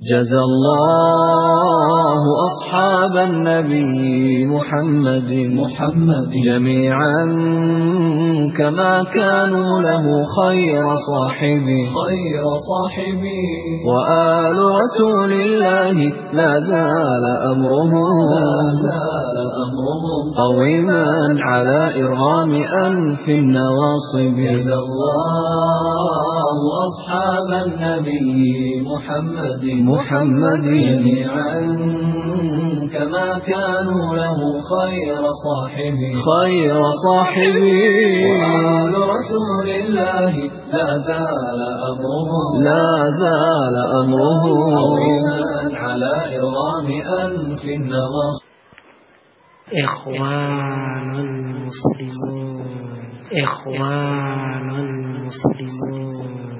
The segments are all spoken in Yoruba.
جزى الله أصحاب النبي محمد محمد جميعا كما كانوا له خير صاحبي خير صاحبي وآل رسول الله لا زال أمرهم لا زال قويما على إرغام أنف النواصب جزى الله أصحاب النبي محمد محمد جميعا كما كانوا له خير صاحبي خير صاحبي وآل رسول الله لا زال أمره لا زال أمره على إرغام أنف النظر إخوان المسلمون إخوان المسلمون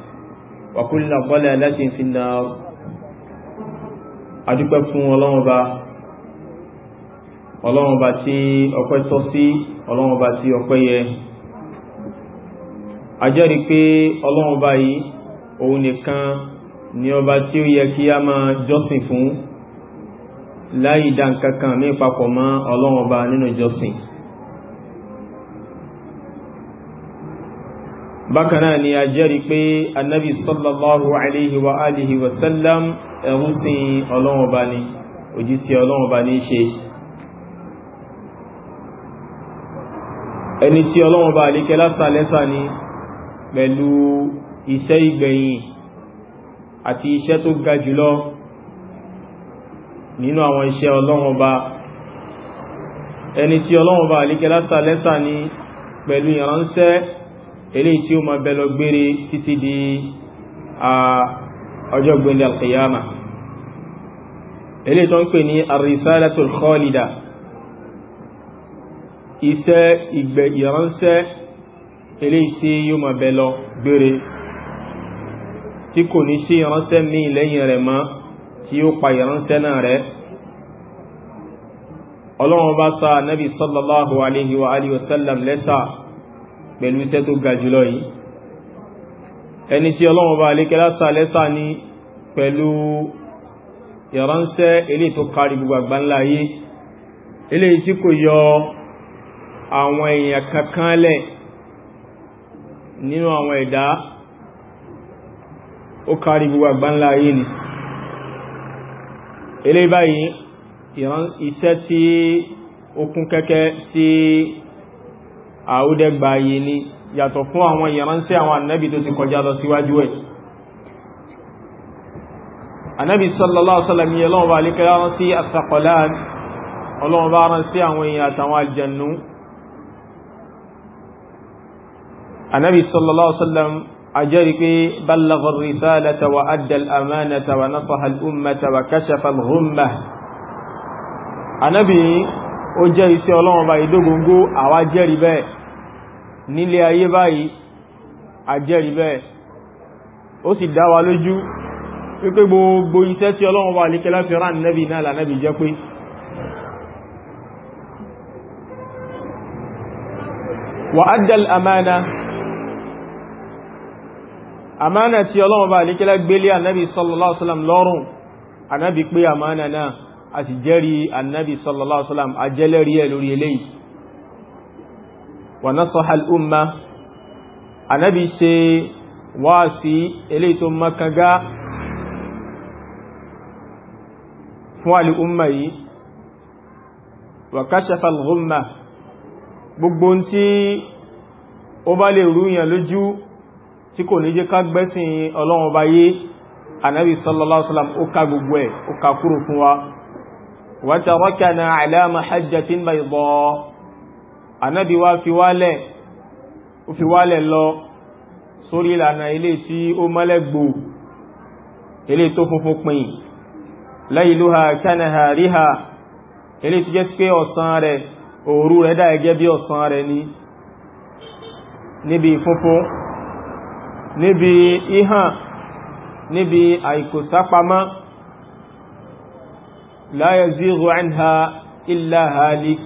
wàkúlìlà pọ́lẹ̀ láti fi na adúpẹ́ fún ọlọ́wọ́ba ọlọ́wọ́ba tí ọpẹ́ tọ́ sí ọlọ́wọ́ba tí ọpẹ́ yẹ a jẹ́rìí pé ọlọ́wọ́ba yìí òun nìkan ni ọba tí ó yẹ kí a máa jọ́sìn fún láì dá nǹkankan ní papọ̀ mọ́ ọlọ́wọ́ba nínú jọ́sìn bákanáà ni a jẹ́rí pé annabi sallallahu alaihi wa alihi wasallam ẹ̀rúsìn ọlọ́wọ̀n bá ní òjísí ọlọ́wọ̀n bá ní ṣe ẹni tí ọlọ́wọ̀n bá alíkẹ́ lásàlẹ́sà ni pẹ̀lú iṣẹ́ ìgbẹ̀yìn àti iṣẹ́ tó ga jùlọ nínú àwọn iṣẹ́ ọlọ́wọ̀n bá ẹni tí ọlọ́wọ̀n bá alíkẹ́ lásàlẹ́sà ni pẹ̀lú ìránṣẹ́ eléyìí tí ó máa bẹ lọ gbére títí di ọjọ́ gbẹ̀lẹ̀ alkiyama eléyìí tó ń pè ní arisalatul khalida iṣẹ́ ìgbẹ̀ ìránṣẹ́ eléyìí tí yóò máa bẹ lọ gbére tí kò ní sí ìránṣẹ́ ní lẹ́yìn rẹ̀ mọ́ tí ó pa ìránṣẹ́ náà rẹ̀ ọlọ́run bá sa nabi sallallahu alaihi wa alihi wasallam lẹ́sàá pẹ̀lú iṣẹ́ tó ga jùlọ yìí ẹni tí ọlọ́wọ́ bá lè kẹ́lá sàlẹ́sà ní pẹ̀lú ìránṣẹ́ ilé tó kárí gbogbo àgbáńlá ayé ilé tí kò yọ àwọn èèyàn kankan lẹ̀ nínú àwọn ẹ̀dá ó kárí gbogbo àgbáńlá ayé ni ilé báyìí iṣẹ́ tí ó kẹ́kẹ́ tí àúdẹ́gbàáyé ní yàtọ̀ fún àwọn ìránṣẹ́ àwọn annabi tó ti kọjá lọ síwájú ẹ̀ annabi sallallahu alaihi wasallam ọlọ́run bá lè kẹ́lá sí àtàkọ̀lán ọlọ́run bá rán sí àwọn èèyàn àtàwọn aljannu annabi sallallahu alaihi wasallam ajẹ́rí pé ballagha ar-risalata wa adda al-amanata wa nasaha jẹ́ iṣẹ́ bẹ́ẹ̀ nílé ayé báyìí àjẹ́rì bẹ́ẹ̀ ó sì dá wa lójú wípé gbogbo iṣẹ́ tí ọlọ́run wà líkẹ́ láti rán nẹ́bì náà lànẹ́bì jẹ́ pé wà ájẹ́l àmánà àmánà tí ọlọ́run wà líkẹ́ lágbélé ànẹ́bì sallallahu alaihi wasallam lọ́rùn ànẹ́bì pé àmánà náà a sì wa nasaha al-umma ànábì ṣe wáàsí eléyìí tó makagá fún al-umma yìí wa kashafa al-ghumma gbogbo tí ó bá lè rúyàn lójú tí kò ní jẹ́ ká gbẹ́sìn Ọlọ́run ọba yé ànábì sallallahu alaihi wasallam ó ká gbogbo ẹ̀ ó ká kúrò fún wa ànábì wá fi wálẹ̀ ó fi wálẹ̀ lọ sórí ìlànà ilé tí ó mọ́lẹ́gbò ilé tó funfun pin layluha kanahariha ilé tó jẹ́ pé ọ̀sán rẹ̀ òru rẹ̀ dá ẹgẹ́ bí ọ̀sán rẹ̀ ní níbi funfun níbi ihàn níbi àìkòsápamọ́ la yazigu anha illa halik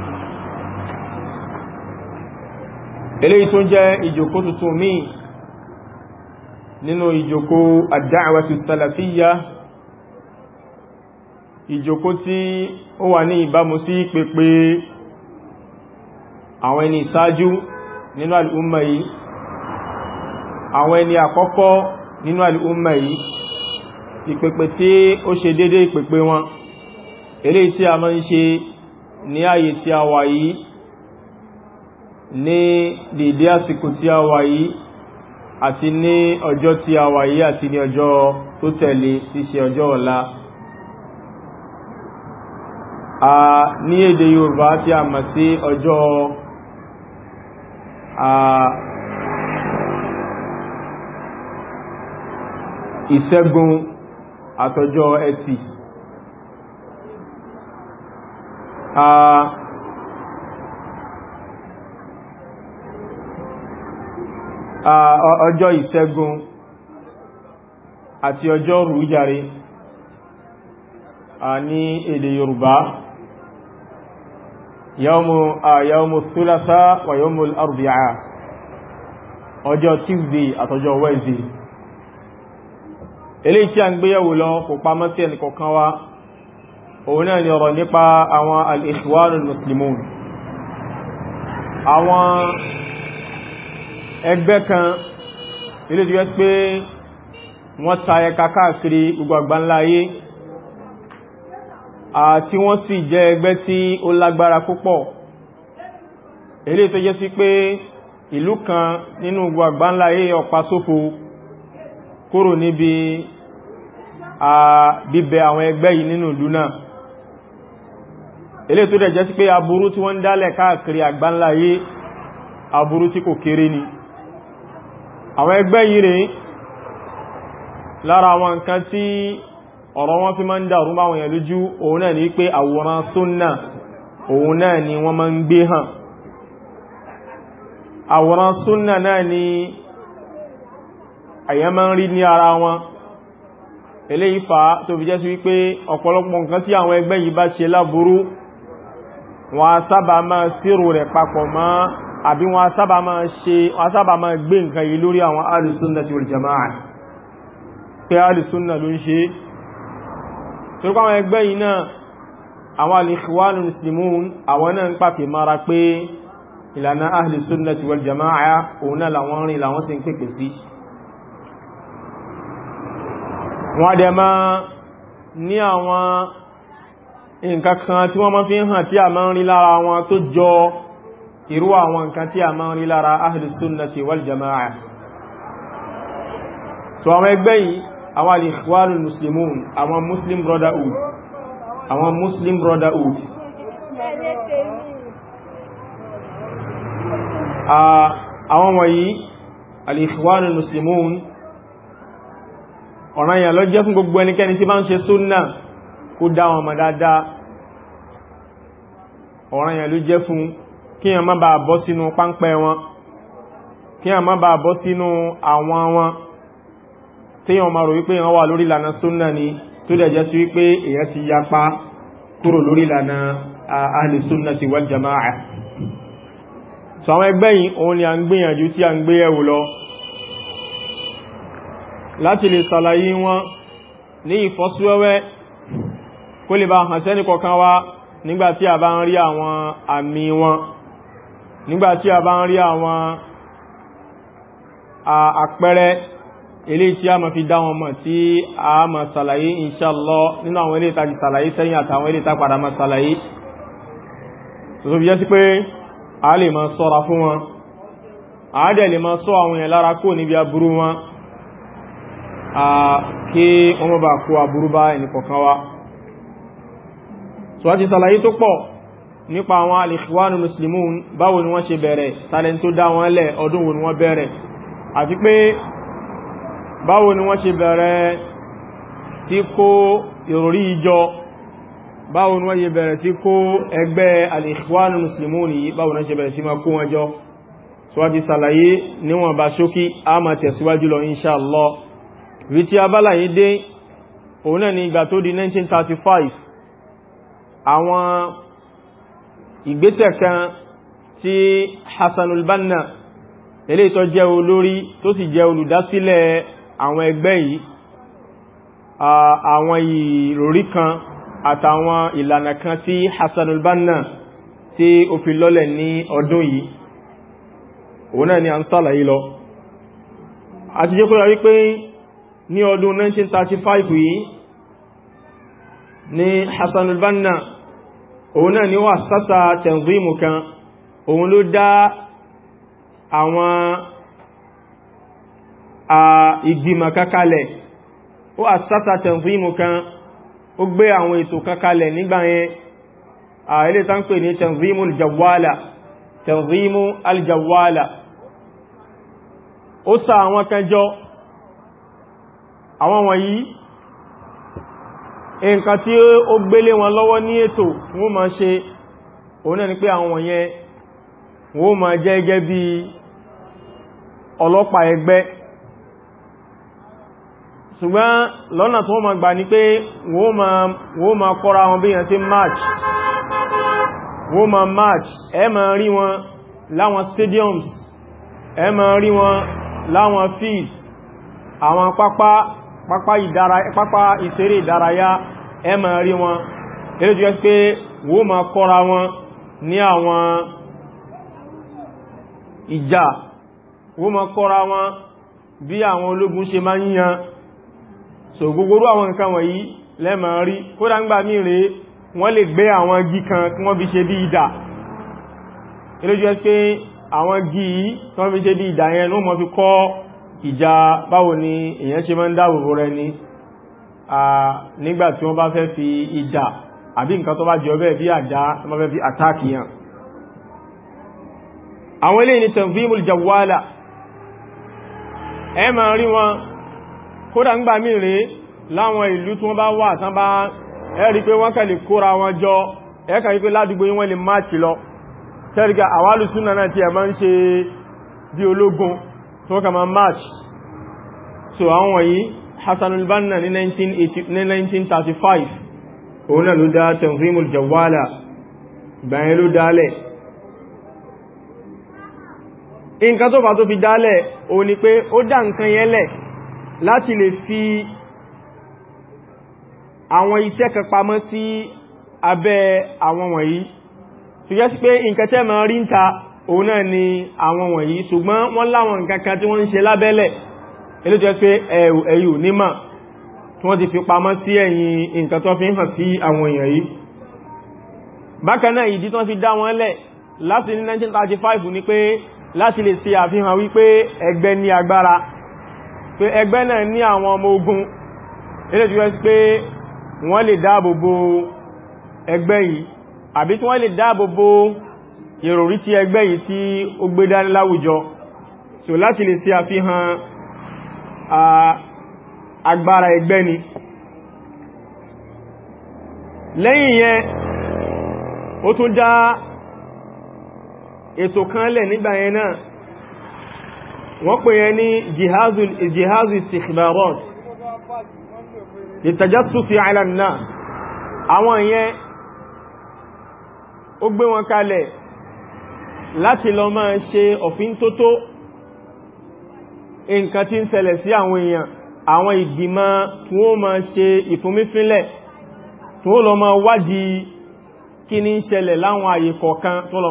eléyìí tó jẹ́ ìjòkó tuntun míì nínú ìjòkó ad-da'watu salafiyya ìjòkó tí ó wà ní ìbámu sí pèpè àwọn ẹni ìsáájú nínú al'umma yìí àwọn ẹni àkọ́kọ́ nínú al'umma yìí ìpèpè tí ó ṣe dédé ìpèpè wọn eléyìí tí a máa ń ṣe ní ààyè tí a wà yìí ní dìdí àsìkò tí a wà yìí àti ní ọjọ́ tí a wà yìí àti ní ọjọ́ tó tẹ̀lé tí ṣe ọjọ́ ọ̀la a ní èdè Yorùbá tí a mọ̀ sí ọjọ́ a ìṣẹ́gun àtọjọ́ ẹtì a ọjọ́ ìṣẹ́gun àti ọjọ́ rújáre ní èdè Yorùbá yawmu thulasa wa yawmu al-arbi'a ọjọ́ Tuesday àtọjọ́ Wednesday eléyìí tí a ń gbéyẹ̀wò lọ kò pamọ́ sí ẹnìkọ̀kan wa òun náà ni ọ̀rọ̀ nípa àwọn al-ikhwanul muslimun àwọn ẹgbẹ́ kan ilé ti wẹ́ pé wọ́n ta ẹka káàkiri gbogbo àgbáńlá ayé àti wọ́n sì jẹ́ ẹgbẹ́ tí ó lágbára púpọ̀ ilé tó jẹ́ sí pé ìlú kan nínú gbogbo àgbáńlá ayé ọ̀pá sófo kúrò níbi bíbẹ àwọn ẹgbẹ́ yìí nínú ìlú náà ilé tó dẹ̀ jẹ́ sí pé aburú tí wọ́n ń dálẹ̀ káàkiri àgbáńlá aburú tí kò kéré ni àwọn ẹgbẹ́ yìí rẹ̀ lára àwọn nǹkan tí ọ̀rọ̀ wọn fi máa ń dàrú máa wọ̀nyẹ̀ lójú òun náà ni pé àwòrán súnnà òun náà ni wọ́n máa ń gbé hàn àwòrán súnnà náà ni àyẹ́ máa ń rí ní ara wọn eléyìí fà tó fi jẹ́ sí wípé ọ̀pọ̀lọpọ̀ nǹkan tí àwọn ẹgbẹ́ yìí bá ṣe láburú wọn sábà máa sírò rẹ̀ papọ̀ máa àbí wọn sábà máa ṣe wọn sábà máa gbé nǹkan yìí lórí àwọn alùsùnà tí olùjẹmáà pé alùsùnà ló ń ṣe torípa àwọn ẹgbẹ́ yìí náà àwọn alìkíwánù muslimun àwọn náà ń pàtẹ mara pé ìlànà alùsùnà tí olùjẹmáà òun náà làwọn rìn irú àwọn nǹkan tí a máa ń rí lára ahlùsúnnàtì wal jama'a tó àwọn ẹgbẹ́ yìí àwọn alìkwánù muslimun àwọn muslim brotherhood àwọn muslim brotherhood àwọn wọ̀nyí alìkwánù muslimun ọ̀ranyà ló jẹ́ fún gbogbo ẹnikẹ́ni tí bá ń ṣe súnnà kó dá wọn mọ̀ dáadáa ọ̀ranyà ló jẹ́ fún kí a má bàa bọ́ sínú páńpẹ́ wọn kí a má bàa bọ́ sínú àwọn wọn tí yàn máa rò wípé wọ́n wà lórí ìlànà súnnà ni tó dẹ̀ jẹ́ sí wípé èyàn ti yapa kúrò lórí ìlànà ahli sunnati wal jama'a so àwọn ẹgbẹ́ yìí òun ni a ń gbìyànjú tí a ń gbé ẹ̀wò lọ láti lè sàlàyé wọn ní ìfọ́síwẹ́wẹ́ kó lè bá hàn sẹ́nì kọ̀ọ̀kan wa nígbàtí a bá ń rí àwọn àmì wọn nígbàtí a bá ń rí àwọn àpẹẹrẹ ilé tí a ma fi dá wọn mọ̀ tí a ma sàlàyé inṣàlọ́ nínú àwọn ilé ìtàkì sàlàyé sẹ́yìn àtàwọn ilé ìtàkì padà ma sàlàyé tó fi jẹ́ sí pé a lè ma sọ́ra fún wọn a dẹ̀ lè ma sọ àwọn èèyàn lára kó níbi aburú wọn a kí wọ́n mọ́ bá kó aburú bá ẹnìkọ̀kan wa so a ti nípa àwọn al-Ikhwan al-Muslimun báwo ni wọ́n ṣe bẹ̀rẹ̀ talent tó dá wọn lẹ̀ ọdún wo ni wọ́n bẹ̀rẹ̀ àti pé báwo ni wọ́n ṣe bẹ̀rẹ̀ sí kó ìròrí ìjọ báwo ni wọ́n ṣe bẹ̀rẹ̀ sí kó ẹgbẹ́ al-Ikhwan al 1935 àwọn ìgbésẹ̀ kan tí Hassanul Banna eléyìí tó jẹ́ olórí tó sì jẹ́ olùdásílẹ̀ àwọn ẹgbẹ́ yìí àwọn ìròrí kan àtàwọn ìlànà kan tí Hassanul Banna tí ó fi lọ́lẹ̀ ní ọdún yìí òun náà ni a ń sàlàyé lọ a ti jẹ́ kó rí pé ní ọdún 1935 ni Hassanul Banna òun náà ni wà sásà tẹ̀nzímù kan òun ló dá àwọn ìgbìmọ̀ kakalẹ̀ ó wà sásà tẹ̀nzímù kan ó gbé àwọn ètò kakalẹ̀ nígbà yẹn àílé tán ní tẹ̀nzímù aljawala tẹ̀nzímù aljawala ó sa àwọn kan àwọn wọ̀nyí nǹkan tí ó gbélé wọn lọ́wọ́ ní ètò wọ́n ma ṣe òun náà ni pé àwọn yẹn wọ́n ma jẹ́ gẹ́gẹ́ bí ọlọ́pàá ẹgbẹ́ ṣùgbọ́n lọ́nà tó wọ́n ma gbà ní pé wọ́n ma kọ́ra wọn bí yàn tí march wọ́n ma march ẹ ma rí wọn láwọn stadiums ẹ ma rí wọn láwọn fields àwọn pápá pápá ìṣeré ìdárayá ẹ máa rí wọn eré jẹ́ pé wó ma kọ́ra wọn ní àwọn ìjà wó ma kọ́ra wọn bí àwọn ológun ṣe máa yíyan so gbogbo àwọn nǹkan wọ̀nyí lẹ máa rí kódà ń gbà mí rèé wọ́n lè gbé àwọn igi kan kí wọ́n fi ṣe bí ìdà eré jẹ́ pé àwọn igi yìí wọ́n fi ṣe bí ìdà yẹn ló mọ́ fi kọ́ ìjà báwo ni èyàn ṣe máa ń dáàbòbò rẹ ni nígbà tí wọ́n bá fẹ́ fi ìdà àbí nǹkan tó bá jọ bẹ́ẹ̀ bí àdá tó bá fẹ́ fi àtáàkì yàn àwọn eléyìí ni tanzimul jawala ẹ máa rí wọn kódà ń mí rèé láwọn ìlú tí wọ́n bá wà tán bá ẹ rí pé wọ́n kẹ́ lè kóra wọn jọ ẹ kàn rí pé ládùúgbò yín wọ́n lè máàkì lọ tẹ́ríkà àwálùsúnà náà ti ẹ̀ máa ń ṣe bí ológun tó kama march so àwọn wọ̀nyí Hassan al-Banna ní 1935 òun náà ló dá tanzimul jawala ìgbàyẹn ló dálẹ̀ nǹkan tó bá tó fi dálẹ̀ o ni pé ó dá nǹkan yẹlẹ̀ láti lè fi àwọn iṣẹ́ kan pamọ́ sí abẹ́ àwọn wọ̀nyí tó jẹ́ sí pé nǹkan tẹ́ mọ́ rí ń ta òun náà ni àwọn wọ̀nyí ṣùgbọ́n wọ́n láwọn nǹkankan tí wọ́n ń ṣe lábẹ́lẹ̀ ilé jẹ́ pé ẹ̀yù nímà tí wọ́n ti fi pamọ́ sí ẹ̀yìn nǹkan tó fi ń hàn sí àwọn èèyàn yìí bákan náà ìdí tí wọ́n fi dá wọn lẹ̀ láti ní 1935 ni pé láti lè ṣe àfihàn wípé ẹgbẹ́ ní agbára pé ẹgbẹ́ náà ní àwọn ọmọ ogun ilé jẹ́ pé wọ́n lè dáàbò bo ẹgbẹ́ yìí àbí tí wọ́n lè dáàbò bo ìròrí tí ẹgbẹ́ yìí tí ó gbé dání láwùjọ so láti lè ṣe àfihàn agbára ẹgbẹ́ ni lẹ́yìn yẹn ó tún dá ètò kan lẹ̀ nígbà yẹn náà wọ́n pè yẹn ní jihazu istikhbarat litajassusi ala àwọn yẹn ó gbé wọn kalẹ̀ láti lọ máa ṣe òfin tó tó nǹkan tí ń ṣẹlẹ̀ sí àwọn èèyàn àwọn ìgbìmọ̀ tí wọ́n máa ṣe ìfúnmífínlẹ̀ tí wọ́n lọ máa wádìí kí ní ṣẹlẹ̀ láwọn àyè kọ̀ọ̀kan tí wọ́n lọ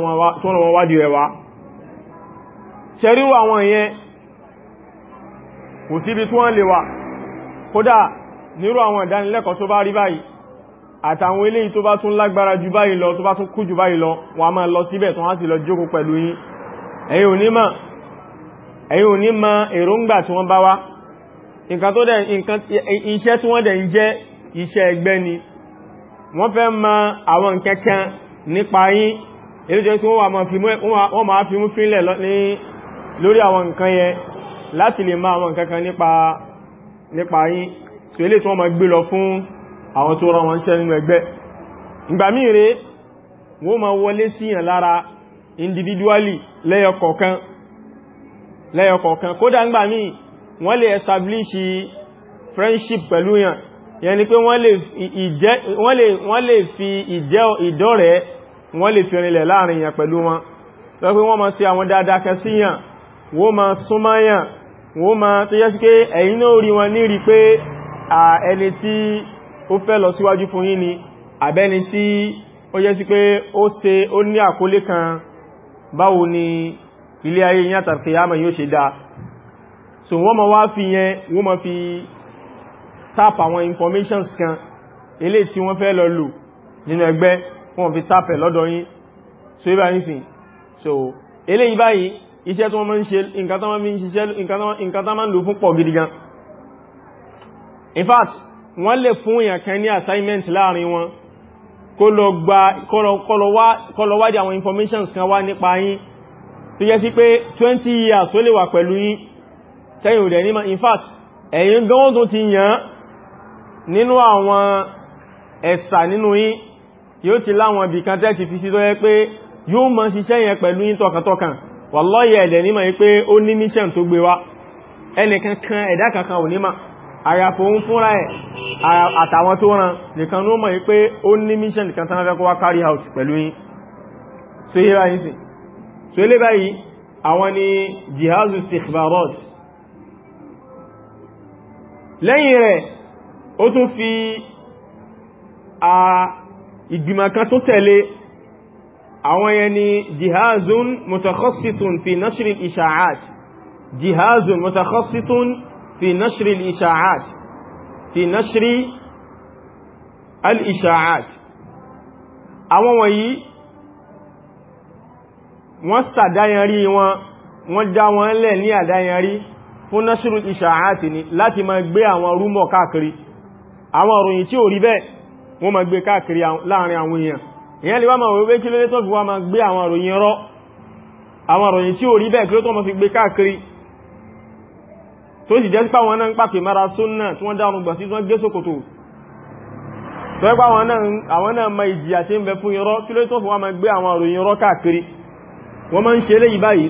máa wádìí ẹwà ṣẹríwà àwọn èèyàn kò síbi tí wọ́n lè wà kódà nírú àwọn ìdánilẹ́kọ̀ọ́ tó bá rí báyìí àtàwọn eléyìí tó bá tún lágbára jù báyìí lọ tó bá tún kú jù báyìí lọ wọn a máa lọ síbẹ̀ tó wá sì lọ jókòó pẹ̀lú yín ẹ̀yin ò ní mọ̀ ẹ̀yin ò ní mọ̀ èròǹgbà tí wọ́n bá wá nǹkan tó dẹ̀ nǹkan iṣẹ́ tí wọ́n dẹ̀ ń jẹ́ iṣẹ́ ẹgbẹ́ ni wọ́n fẹ́ mọ̀ àwọn kẹ́kẹ́ nípa yín èyí jẹ́ wọ́n máa fi mú fínlẹ̀ lórí àwọn nǹkan yẹn láti lè mọ̀ àwọn nǹkan nípa yín àwọn tó rán wọn ṣẹ́ nínú ẹgbẹ́ ìgbà míì rèé wọ́n ma wọlé síyàn lára individually lẹ́yọkọ̀ọ̀kan lẹ́yọkọ̀ọ̀kan kódà ńgbà míì wọ́n lè establish friendship pẹ̀lú yàn yẹn ni pé wọ́n lè fi ìdọ́rẹ̀ẹ́ wọ́n lè fi rinlẹ̀ láàrin yàn pẹ̀lú wọn tó pé wọ́n ma ṣe àwọn dáadáa kan síyàn wọ́n ma súnmọ́ yàn wọ́n ma tó ẹni tí ó fẹ́ lọ síwájú fún yín ni àbẹ́ni tí ó jẹ́ sí pé ó ṣe ó ní àkólé kan báwo ni ilé ayé yín àtàkì yàmà yóò ṣe dáa so wọ́n ma wá fi yẹn wọ́n ma fi tap àwọn informations kan eléyìí tí wọ́n fẹ́ lọ lò nínú ẹgbẹ́ wọ́n fi tap ẹ̀ lọ́dọ̀ yín so ibà yín sìn so eléyìí báyìí iṣẹ́ tí wọ́n máa ń ṣe nǹkan tí wọ́n máa ń lò fún pọ̀ gidi gan in fact wọ́n lè fún èèyàn kan ní assignment láàrin wọn kó lọ wádìí àwọn informations kan wá nípa yín tó jẹ́ sí pé 20 years ó lè wà pẹ̀lú yín tẹ́yìn òdẹ̀ ní ma in fact ẹ̀yin gan tó ti yàn nínú àwọn ẹ̀sà nínú yín yóò ti láwọn ibìkan tẹ́ ti fi sí tó yẹ pé yóò mọ́ ṣiṣẹ́ yẹn pẹ̀lú yín tọkàntọkàn wallahi ẹ̀dẹ̀ ní ma yí pé ó ní mission tó gbé wá ẹnìkan kan ẹ̀dá kankan ò ní ma àyàfò ń fúnra ẹ̀ àtàwọn tó rán nìkan ló mọ̀ yí pé ó ní mission nìkan tán fẹ́ kó wá carry out pẹ̀lú yín so yíra yín sí so ilé báyìí àwọn ni jihazu sikhbarot lẹ́yìn rẹ̀ ó tún fi a ìgbìmọ̀ kan tó tẹ̀lé àwọn yẹn ni jihazun mutakhassisun fi nashri isha'at jihazun mutakhassisun في نشر الإشاعات في نشر الإشاعات àwọn wọ̀nyí wọ́n sàdáyanrí wọn wọ́n dá wọn lẹ̀ ní àdáyanrí fún nashru ìṣàáàtì ni láti ma gbé àwọn rúmọ̀ káàkiri àwọn òròyìn tí ò rí bẹ́ẹ̀ wọ́n ma gbé káàkiri láàrin àwọn èèyàn ìyẹn lè wá ma wọ́wé kí kí tó sì jẹ́ pàwọn náà ń pàpè mara súnnà tí wọ́n dárùn gbà sí tí wọ́n gé sókòtò tó ẹ́pà àwọn náà ma ìjìyà tí ń bẹ fún irọ́ kí ló tó fún wa ma gbé àwọn òròyìn irọ́ káàkiri wọ́n ma ń ṣe léyìí báyìí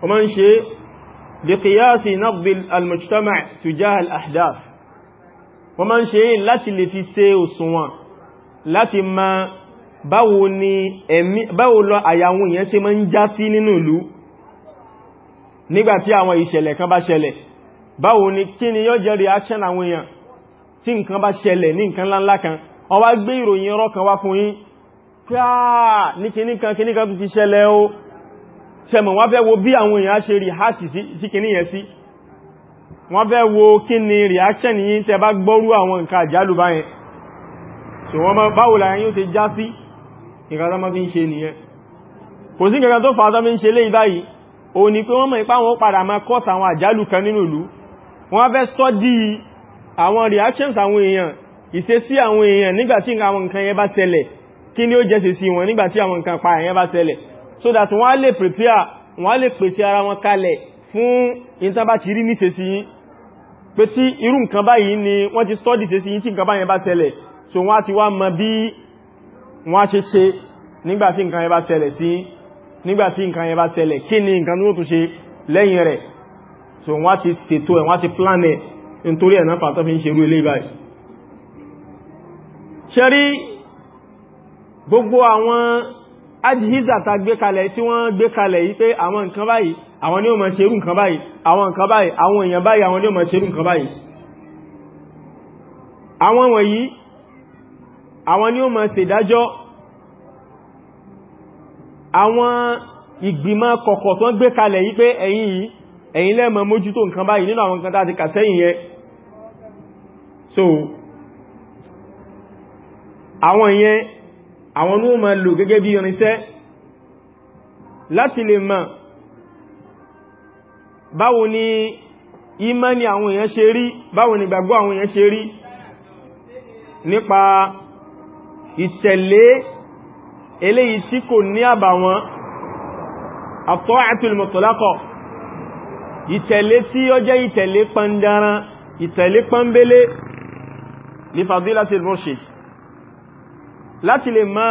wọ́n ma ń ṣe bí kìyàsí naqbil al-mujtama' tujah wọ́n ma ń ṣe láti lè fi ṣe òṣùwọ̀n láti ma báwo lọ àyàwó yẹn ṣe ma ń já sí nínú ìlú nígbàtí àwọn ìṣẹ̀lẹ̀ kan bá ṣẹlẹ̀ báwo ni kí ni yóò jẹ́ reaction àwọn èèyàn tí nǹkan bá ṣẹlẹ̀ ní nǹkan láńlá kan ó wá gbé ìròyìn ọ̀rọ̀ kan wá fún yín káà ah, ní kìníkan kìníkan tó ti ṣẹlẹ̀ o ṣẹmọ̀ wọ́n fẹ́ wo bí àwọn èèyàn ṣe react sí kìní yẹn sí wọ́n fẹ́ wo ni reaction yín tẹ́ bá gbọ́rú àwọn nǹkan àjálù báyẹn ó o ní pé wọ́n mọ̀ ipá wọn padà máa kọ́ àwọn àjálù kan nínú ìlú wọ́n fẹ́ sọ́dí àwọn reactions àwọn èèyàn ìṣesí àwọn èèyàn nígbàtí àwọn nǹkan yẹn bá ṣẹlẹ̀ kí ni ó jẹ́ sí sí wọn nígbàtí àwọn nǹkan pa yẹn bá ṣẹlẹ̀ so that wọ́n á lè prepare wọ́n á lè pèsè ara wọn kalẹ̀ fún ìtàn bá ti rí ní ṣesí yín pé tí irú nǹkan báyìí ni wọ́n ti sọ́dí ṣesí yín tí nǹkan báyẹn bá ṣẹlẹ̀ so wọ́n á ti wá mọ bí wọ́n á ṣe ṣe nígbàtí nǹkan yẹn bá ṣẹlẹ̀ sí yín nígbàtí nǹkan yẹn bá ṣẹlẹ̀ kí ni nǹkan ní ó tún ṣe lẹ́yìn rẹ̀ so wọ́n ti ṣètò ẹ̀ wọ́n ti plan ẹ̀ nítorí ẹ̀ náà fàtọ́ fi ń ṣerú ilé báyìí ṣe rí gbogbo àwọn adìhízà gbé kalẹ̀ tí wọ́n gbé kalẹ̀ yí pé àwọn nǹkan báyìí àwọn ni ó máa ṣerú nǹkan báyìí àwọn nǹkan báyìí àwọn ni ó máa ṣerú nǹkan báyìí àwọn ni ó àwọn ìgbìmọ̀ kọ̀kọ̀ tó ń gbé kalẹ̀ yí pé ẹ̀yin yìí ẹ̀yin lẹ máa mójútó nǹkan báyìí nínú àwọn nǹkan tá ti kà sẹ́yìn yẹn so àwọn yẹn àwọn ní ó máa lò gẹ́gẹ́ bí irinṣẹ́ láti lè mọ̀ báwo ni ìmánì àwọn èèyàn ṣe rí báwo ni gbàgbọ́ àwọn èèyàn ṣe rí nípa ìtẹ̀lé eléyìí tí kò ní àbàwọn at-ta'atul mutlaqa ìtẹ̀lé tí ó jẹ́ ìtẹ̀lé pandaran ìtẹ̀lé pọ́nbélé ní fadilatil murshid láti lè mọ̀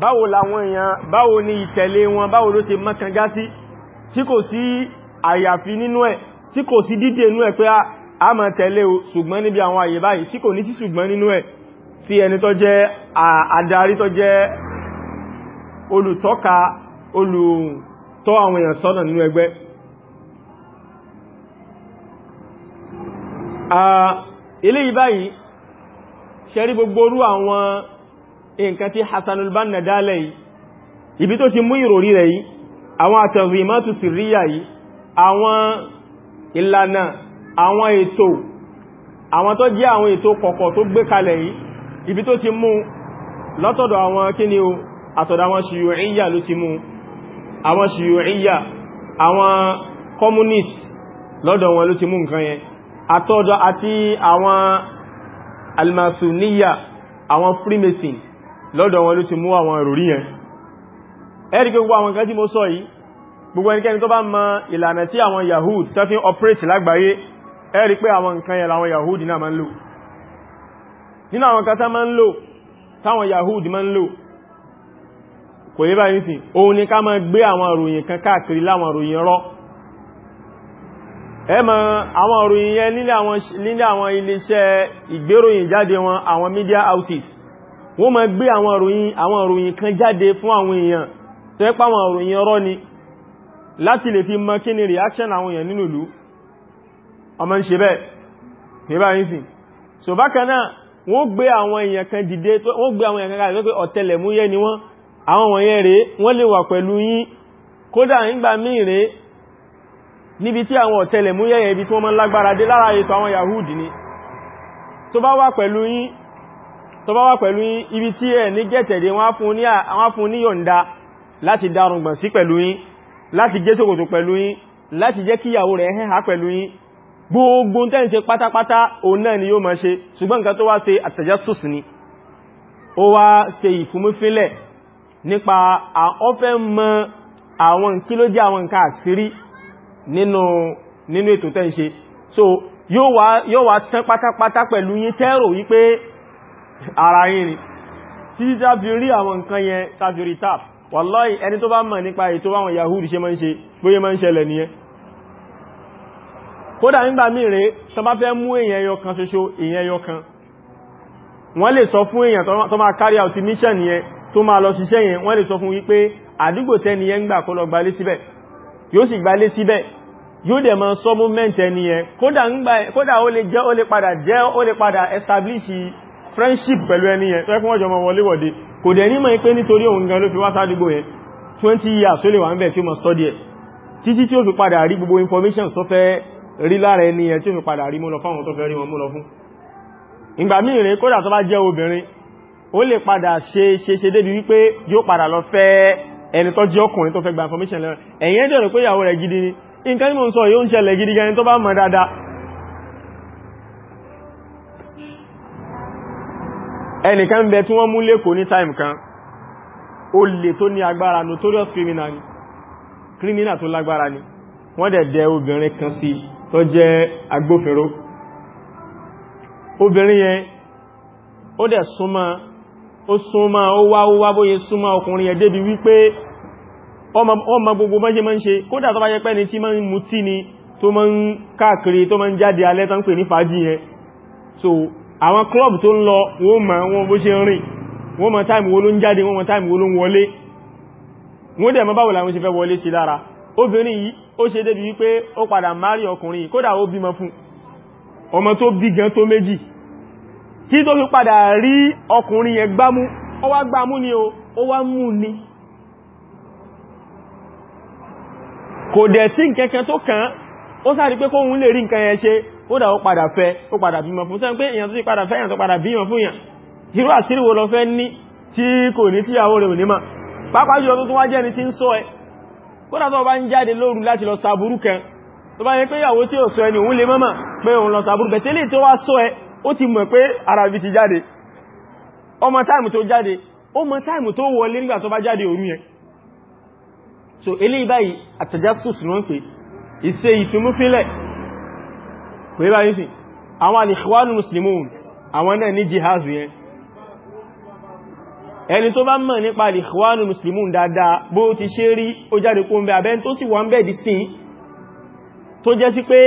báwo làwọn èèyàn báwo ni ìtẹ̀lé wọn báwo ló ṣe mọ́kànga sí tí kò sí àyàfi nínú ẹ̀ tí kò sí dídè nínú ẹ̀ pé a máa tẹ̀lé ṣùgbọ́n níbi àwọn àyè báyìí tí kò ní sí ṣùgbọ́n nínú ẹ̀ sí ẹni tó jẹ́ àdarí tó jẹ́ olùtọ́ka olùtọ́ àwọn èèyàn sọ́nà nínú ẹgbẹ́ eléyìí báyìí ṣẹ́rí gbogbo orú àwọn nǹkan tí Hassanul Banna dálẹ̀ yìí ibi tó ti mú ìròrí rẹ̀ yìí àwọn àtẹ̀rìmọ́tù sirriya yìí àwọn ìlànà àwọn ètò àwọn tó jẹ́ àwọn ètò kọ̀kọ̀ tó gbé kalẹ̀ yìí ibi tó ti mú lọ́tọ̀dọ̀ àwọn kíni o àtọ̀dá àwọn ṣìyòríyà ló ti mú àwọn ṣìyòríyà àwọn communist lọ́dọ̀ wọn ló ti mú nǹkan yẹn àtọ́dọ̀ àti àwọn almasuniya àwọn freemason lọ́dọ̀ wọn ló ti mú àwọn ìròrí yẹn ẹ́rì gbogbo àwọn kan tí mo sọ yìí gbogbo ẹnikẹ́ni tó bá mọ ìlànà tí àwọn yahood tó fi operate lágbàáyé ẹ́rì pé àwọn nǹkan yẹn làwọn yahood náà máa ń lò nínú àwọn kan tá máa ń lò táwọn yahood máa ń lò kò yé báyìí sí òun ni ká máa gbé àwọn ìròyìn kan káàkiri láwọn ìròyìn rọ́ ẹ mọ̀ àwọn ìròyìn yẹn nílé àwọn iléeṣẹ́ ìgbéròyìn jáde wọn àwọn media houses wọ́n máa gbé àwọn ìròyìn àwọn ìròyìn kan jáde fún àwọn èèyàn tó ẹ́pá àwọn ìròyìn rọ́ ni láti lè fi mọ kí ni reaction àwọn èèyàn nínú ìlú ọmọ ń ṣe bẹ́ẹ̀ kò yé báyìí sí so bákan náà wọ́n gbé àwọn èèyàn kan dìde wọ́n gbé àwọn wọ̀nyẹn rẹ̀ wọ́n lè wà pẹ̀lú yín kódà nígbà míì rẹ̀ níbi tí àwọn ọ̀tẹlẹ̀múyẹ́ ibi tí wọ́n mọ́ lágbára dé lára ètò àwọn yahudi ni tó bá wà pẹ̀lú yín tó bá wà pẹ̀lú yín ibi tí ẹ̀ ní gẹ̀tẹ̀dẹ̀ wọ́n fún ní yọ̀ǹda láti darùngbọ̀n sí pẹ̀lú yín láti gé ṣòkòtò pẹ̀lú yín láti jẹ́ kíyàwó rẹ̀ hẹ́hà pẹ̀lú yín gbogbo tẹ́ ṣe pátápátá òun ni yóò máa ṣe ṣùgbọ́n nǹkan tó wá ṣe àtẹ̀jásùs ni ó wá ṣe ìfúnmúfínlẹ̀ nípa ọfẹ́ mọ àwọn kí ló jẹ́ àwọn nǹkan àṣírí nínú nínú ètò tẹ́ ń ṣe so yóò wá yóò wá tán pátápátá pẹ̀lú yín tẹ́rò wípé ara yín ni tí tàbí rí àwọn nǹkan yẹn tàbí rí tàbí wallahi ẹni tó bá mọ̀ nípa ètò àwọn yahudi ṣe máa ń ṣe bóyé máa ń ṣẹlẹ̀ nìyẹn kódà nígbà míì rèé tó bá fẹ́ mú èèyàn ẹyọ kan ṣoṣo èèyàn tó máa lọ ṣiṣẹ́ yẹn wọ́n lè sọ fún wípé àdúgbò tẹ́ni yẹn ń gbà kó lọ gbalé síbẹ̀ yóò sì gbalé síbẹ̀ yóò dẹ̀ máa sọ movement ẹni yẹn kódà ó lè jẹ́ ó lè padà jẹ́ ó lè padà establish friendship pẹ̀lú ẹni yẹn tó ẹkùn ọjọ́ mọ́ wọlé wọ̀dé kò dẹ̀ nímọ̀ pé nítorí òun years ó lè wà study ẹ̀ títí tí ó information tó fẹ́ rí lára ẹni yẹn tí ó fi padà rí mú lọ fáwọn tó fẹ́ ìgbà míì rẹ̀ kódà tó bá jẹ́ obìnrin ó lè padà ṣe ṣe ṣe débi wípé yóò padà lọ fẹ́ ẹni tó jẹ́ ọkùnrin tó fẹ́ gba information lẹ́wọ̀n ẹ̀yìn ẹjọ́ rẹ̀ pé ìyàwó rẹ̀ gidi ni nǹkan tí mo ń sọ yóò ń ṣẹlẹ̀ gidi gan tó bá mọ̀ dáadáa ẹnìkan bẹ tí wọ́n mú lẹ́kọ̀ọ́ ní time kan ó lè tó ní agbára notorious criminal ni criminal tó lágbára ni wọ́n dẹ̀ dẹ obìnrin kan sí tó jẹ́ agbófinró obìnrin yẹn ó dẹ̀ súnmọ́ ó súnmọ́ ó wá ó wá bóyẹ súnmọ́ ọkùnrin ẹ̀ débi wípé ọmọ gbogbo mọ́jẹ́ mọ́ ń ṣe kódà tó bá jẹ́ pé ẹni tí mọ́ ń mutí ni tó mọ́ ń káàkiri tó mọ́ ń jáde alẹ́ tán pè ní fàájì yẹn so àwọn club tó ń lọ wọ́n mọ̀ wọ́n bó ṣe ń rìn wọ́n mọ̀ táìmù wọ́n ló ń jáde wọ́n mọ̀ táìmù wọ́n ló ń wọlé wọ́n dẹ̀ mọ́ báwo làwọn ṣe fẹ́ wọlé sí lára obìnrin yìí ó ṣe débi wípé ó padà márì ọkùnrin kódà ó bímọ fún ọmọ tó bí gan tó méjì tí tó fi padà rí ọkùnrin yẹn gbámú ó wá gbámú ni o ó wá mú ni kò dẹ̀ sí nkẹ́kẹ́ tó kàn ó sáà rí pé kóhun lè rí nǹkan yẹn ṣe ó dà ó padà fẹ́ ó padà bímọ fún sẹ́n pé èyàn tó ti padà fẹ́ èyàn tó padà bímọ fún yàn irú àṣírí wo ló fẹ́ ní tí kò ní tíyàwó rẹ̀ ní mà pàápàá jùlọ tó tún wá jẹ́ni tí ń sọ ẹ kódà tó bá ń jáde lóru láti lọ sàbúrú kan tó bá yẹ pé ìyàwó tí ò sọ ẹni òun lè mọ́mà pé òun lọ sàbúrú bẹ̀tẹ́lẹ̀ tó wá sọ ẹ ó ti mọ̀ pé ara bí ti jáde ọmọ táìmù tó jáde ó mọ táìmù tó wọlé nígbà tó bá jáde òru yẹn so eléyìí báyìí àtàjásùs ló ń pè ìṣe ìfimúfilẹ̀ kò yí báyìí sí àwọn al-ikhwanul muslimun àwọn náà ti ṣe rí ó jáde kó ń bẹ abẹ́ tó tó jẹ́ sí pé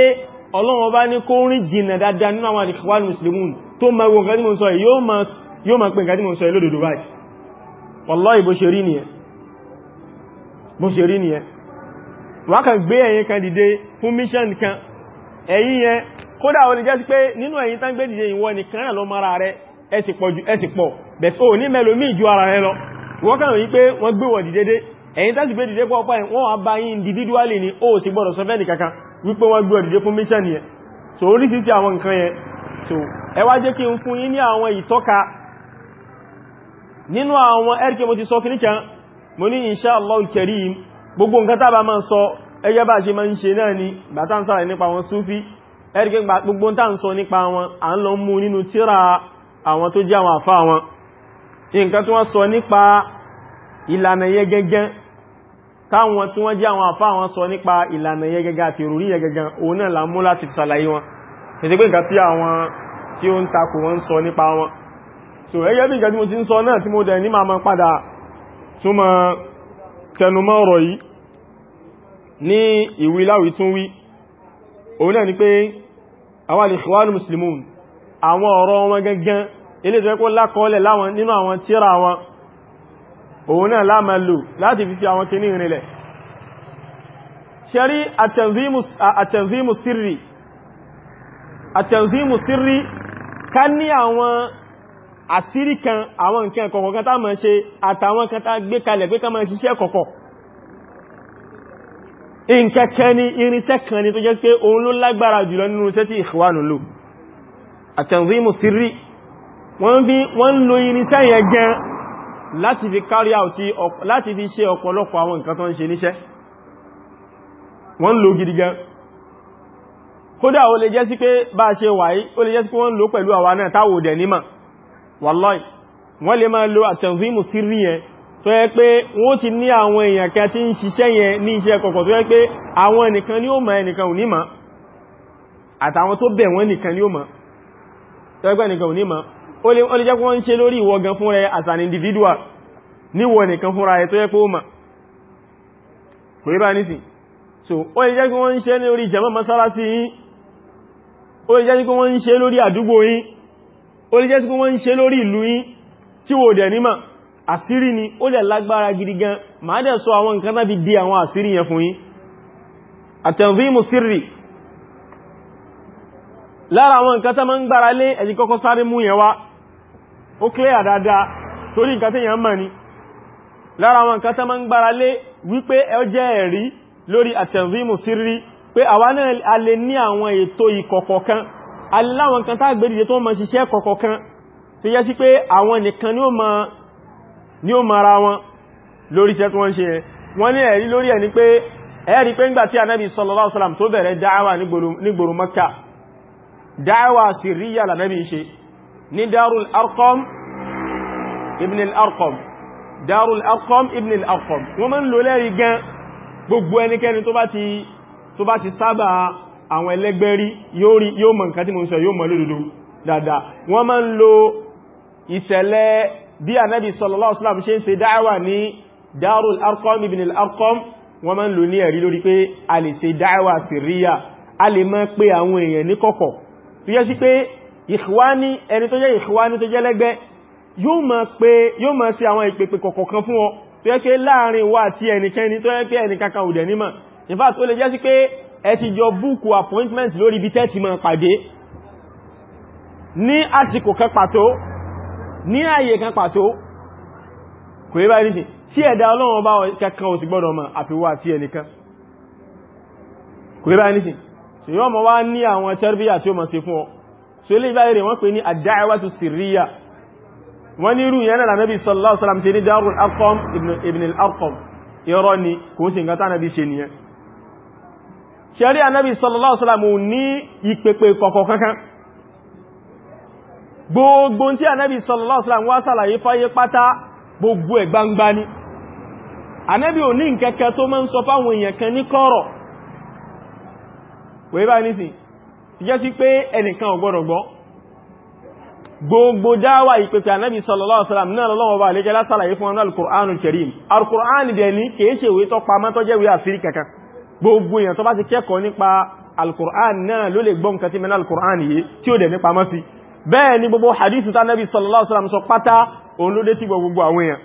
ọlọ́run bá ní kó rìn jìnà dáadáa nínú àwọn àdìkọwà muslimun tó ma gbogbo nǹkan tí mo sọ yìí yóò ma pè nǹkan tí mo sọ yìí lódòdó báyìí wallahi bó ṣe rí nìyẹn bó ṣe rí nìyẹn wà kàn gbé ẹ̀yin kan dìde fún mission kan ẹ̀yin yẹn kódà wọ́n lè jẹ́ sí pé nínú ẹ̀yin tán gbé dìde ìwọ nìkan náà lọ mara rẹ ẹ̀sì pọ̀ bẹ̀sì ò ní mẹ́lòmí ìjú ara rẹ lọ wọ́n kàn yí pé wọ́n gbé wọ̀ dìde dé tán sì gbé dìde pọ̀ pọ̀ wọ́n wá bá yín individually ni ó sì gbọ́dọ̀ sọ nìkankan wípé wọ́n gbé ọ̀dìdé fún mission yẹn so oríṣiríṣi àwọn nǹkan yẹn so ẹ wá jẹ́ kí n fún yín ní àwọn ìtọ́ka nínú àwọn ẹ́rìkẹ́ mo ti sọ kìníkan mo ní insha Allah al-karim gbogbo nǹkan tá bá máa sọ ẹgbẹ́ bá ṣe máa ń ṣe náà ni bàtà ń sára nípa wọn súfí ẹ́rìkẹ́ gbogbo tá ń sọ nípa wọn à ń lọ mú nínú tíra àwọn tó jẹ́ àwọn àfá wọn nǹkan tí wọ́n sọ nípa ìlànà yẹn gẹ́gẹ́ táwọn tí wọ́n jẹ́ àwọn àfá wọn sọ nípa ìlànà yẹ gẹ́gẹ́ àti ìròrí yẹ gẹ́gẹ́ òun náà lámú láti ṣàlàyé wọn ètò pé nǹkan tí àwọn tí ó ń takò wọn sọ nípa wọn so ẹgẹ́ bí nǹkan tí mo ti ń sọ náà tí mo dẹ̀ ní máa mọ́ padà túnmọ̀ tẹnumọ́ ọ̀rọ̀ yìí ní ìwí láwí òun náà láàmà lò láti fi fi àwọn kìíní ìrìnlẹ̀ ṣe rí àtẹ̀nzímù sírì àtẹ̀nzímù sírì ká ní àwọn àsírí kan àwọn nǹkan kọ̀kọ̀ kan tá máa ṣe àtàwọn kan tá gbé kalẹ̀ pé ká máa ṣiṣẹ́ kọ̀kọ̀ ìǹkẹ́kẹ́ ni irinṣẹ́ kan ni tó jẹ́ pé òun ló lágbára jùlọ nínú iṣẹ́ tí ìṣwánù lò àtẹ̀nzímù sírì wọ́n ń lo irinṣẹ́ yẹn gan láti fi carry out láti fi ṣe ọ̀pọ̀lọpọ̀ àwọn nǹkan tó ń ṣe níṣẹ́ wọ́n ń lò gidi gan kódà ó lè jẹ́ sí pé bá ṣe wáyé ó lè jẹ́ sí pé wọ́n ń lò pẹ̀lú àwa náà táwò dẹ̀ nímọ̀ wallahi ni ó mọ̀ ẹnìkan ò ní mọ̀ àtàwọn tó bẹ̀ ni ó mọ̀ ó lè jẹ́ kí wọ́n ń ṣe lórí ìwọ gan fúnra ẹ as an individual níwọ̀ nìkan fúnra ẹ tó yẹ pé ó kò yẹ bá nísìn so ó lè jẹ́ kí wọ́n ń ṣe lórí jàmá mọ́sálásí yín ó lè jẹ́ kí wọ́n ń ṣe lórí àdúgbò yín ó lè jẹ́ kí wọ́n ń ṣe lórí ìlú yín tí wò dẹ̀ nímà àṣírí ni ó lè lágbára gidi gan màá dẹ̀ sọ àwọn nǹkan náà fi di àwọn àṣírí yẹn fún yín lára àwọn nǹkan tá máa ń gbára lé ẹ̀yìn kọ́kọ́ sáré mú yẹn wá ó clear dáadáa torí nǹkan tí èèyàn mọ̀ ni lára àwọn nǹkan tán máa ń gbára lé wípé ẹ jẹ́ ẹ̀rí lórí àtẹ̀rímù sírí pé àwa náà a lè ní àwọn ètò ìkọ̀kọ̀ kan a lè láwọn nǹkan tá gbèdìde tó mọ ṣiṣẹ́ kọ̀kọ̀ kan tó yẹ sí pé àwọn nìkan ni ó mara wọn lórí iṣẹ́ tí wọ́n ṣe wọ́n ní ẹ̀rí lórí ẹ̀ ni pé ẹ̀rí pé ńgbà tí anábì sallallahu ní darul arqam ibn al-arqam darul arqam ibn al-arqam wọ́n mọ́ ń lò lẹ́rí gan gbogbo ẹnikẹ́ni tó bá ti sábà àwọn ẹlẹ́gbẹ́ rí yóò mọ̀ nǹkan tí mo ń sọ yóò mọ̀ lódodo dáadáa wọ́n mọ́ ń lo ìṣẹ̀lẹ̀ bí ànábì sallallahu alaihi wasallam ṣe ń ṣe dáwà ní darul arqam ibn al-arqam wọ́n ìkwáni ẹni tó jẹ́ ìkwáni tó jẹ́ lẹ́gbẹ́ yóò máa pè yóò máa ṣe àwọn ìpèpè kọ̀kọ̀kan fún ọ tó yẹ pé láàrin wa àti ẹnikẹ́ni tó yẹ pé ẹnìkankan ò dẹ̀ nímọ̀ in fact ó lè jẹ́ sí pé ẹ ti jọ búùkù appointment lórí ibi tẹ́ẹ̀tì máa pàdé ní àsìkò kan pàtó ní ààyè kan pàtó kò yẹ báyìí nìsín tí ẹ̀dá ọlọ́run ọba kankan ò sì gbọ́dọ̀ mọ̀ àfiwá àti ẹnìkan kò yẹ báyìí nìsín ṣèyí ọmọ wa ní àwọn tẹ́rbíyà tí ó mọ̀ ṣe fún ọ so ilé ìbáyé rẹ̀ wọ́n pè ní ad-da'watu sirriya wọ́n ní irú yẹn náà nàbí sallallahu alaihi wasallam ṣe ní darul arqam ibn al-arqam irọ́ ni kò sí nǹkan tánàbí ṣe nìyẹn ṣẹ́rí ànábì sallallahu alaihi ní ìpèpè kọ̀kọ̀ jẹ́ sí pé ẹnìkan ò gbọ́dọ̀ gbọ́ gbogbo dáwà ìpẹ̀pẹ̀ anábi sallallahu alaihi wasallam náà lọ́wọ́ bá lẹ́jẹ́ lásàlàyé fún al-Qur'anul Karim al-Qur'an dẹ̀ ní kìí ṣe ìwé tó pamọ́ tó jẹ́ ìwé àfírí kankan gbogbo èèyàn tó bá ti kẹ́kọ̀ọ́ nípa al-Qur'an náà ló lè gbọ́ nǹkan tí mẹ́nà al-Qur'an yìí tí ó dẹ̀ ní pamọ́ sí bẹ́ẹ̀ ni gbogbo hadith tá nábi sallallahu alaihi wasallam sọ pátá òun ló dé tí gbogbo àwọn èèyàn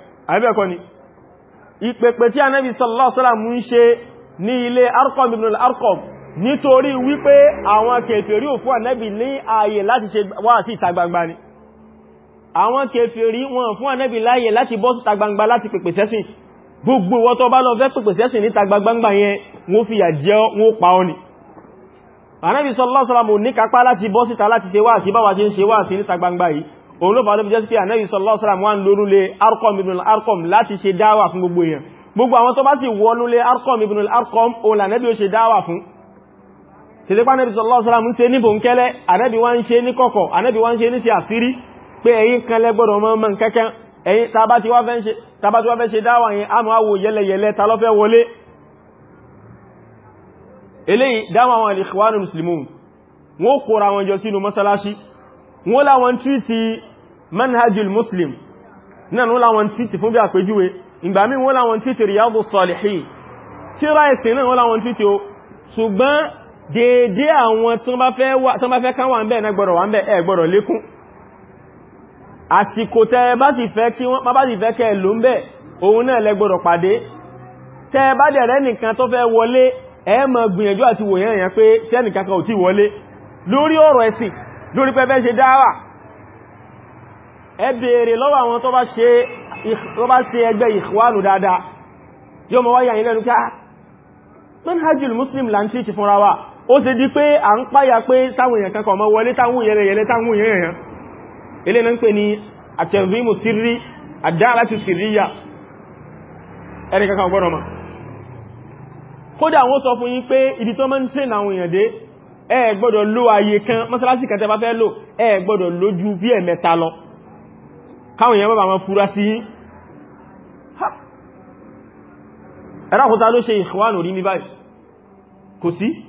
àbẹ́ẹ̀kọ́ nítorí wípé àwọn kèfèrí ò fún ànẹ́bì ní ààyè láti ṣe wá sí ìta gbangba ni àwọn kèfèrí wọn fún ànẹ́bì láàyè láti bọ́ sí ìta gbangba láti pèpè sẹ́sìn gbogbo ìwọ tó bá lọ fẹ́ pèpè sẹ́sìn níta gbangba yẹn wọ́n fi yà jẹ wọ́n pa ọ́ ni ànẹ́bì sallallahu alaihi wasallam ní ti ń ṣe wá sí níta gbangba yìí òun ló fàánú jẹ́ sí pé ànẹ́bì sallallahu alaihi wasallam wà ń lórúlé Arqam ibn al-Arqam láti ṣe dáwà fún gbogbo èèyàn gbogbo àwọn tó bá sì wọnúlé Arqam ibn al tẹ̀lẹ́pá nẹ́bí sallallahu alaihi wasallam ń ṣe ní bòńkẹ́lẹ́ ànẹ́bí wá ń ṣe ní kọ̀kọ̀ ànẹ́bí wá ń ṣe ní sí àṣírí pé ẹ̀yin kan lẹ́gbọ́dọ̀ mọ́ mọ́ kẹ́kẹ́ ẹ̀yin tàbá tí wá fẹ́ ṣe dáwà yẹn àmọ́ àwò yẹlẹyẹlẹ ta ló fẹ́ wọlé eléyìí dáwà àwọn al-Ikhwan al-Muslimun wọ́n kóra wọn jọ sínú mọ́sálásí wọ́n láwọn tíìtì manhajul muslim ṣùgbọ́n dédé àwọn tán bá fẹ́ kán wà ń bẹ̀ náà gbọ́dọ̀ wà ń bẹ̀ ẹ gbọ́dọ̀ lékún àsìkò tẹ́ bá sì fẹ́ kí wọ́n bá sì fẹ́ kẹ́ ló ń bẹ̀ òun náà lẹ gbọ́dọ̀ pàdé tẹ́ bá dẹ̀rẹ́ nìkan tó fẹ́ wọlé ẹ máa gbìyànjú àti wòyàn èèyàn pé tẹ́nìkan kan ò tí wọlé lórí ọ̀rọ̀ ẹ̀sìn lórí pẹ́fẹ́ ṣe dáwà ẹ béèrè lọ́wọ́ àwọn tó bá ṣe ẹgbẹ́ ìwánù dáadáa yóò mọ̀ wáyà ilẹ̀ nukẹ́ ah, manhajul muslim lantíṣì fúnra wa ó ṣe di pé à ń páyà pé táwọn èèyàn kankan mọ́ wọlé táwọn èèyàn yẹlẹ táwọn èèyàn yẹn ilé náà ń pè ní àtẹ̀rímù sírí àdára ti síríyà ẹni kankan gbọ́nà ma kódà wọ́n sọ fún yín pé ibi tó máa ń tẹ́ àwọn èèyàn dé ẹ gbọ́dọ̀ ló ayé kan mọ́sálásí kan tẹ́ bá fẹ́ lò ẹ gbọ́dọ̀ lójú bí ẹ̀mẹ́ta lọ káwọn èèyàn bàbá máa fura sí yín ẹ̀rákùta ló ṣe ìkwánù rí ní báyìí kò sí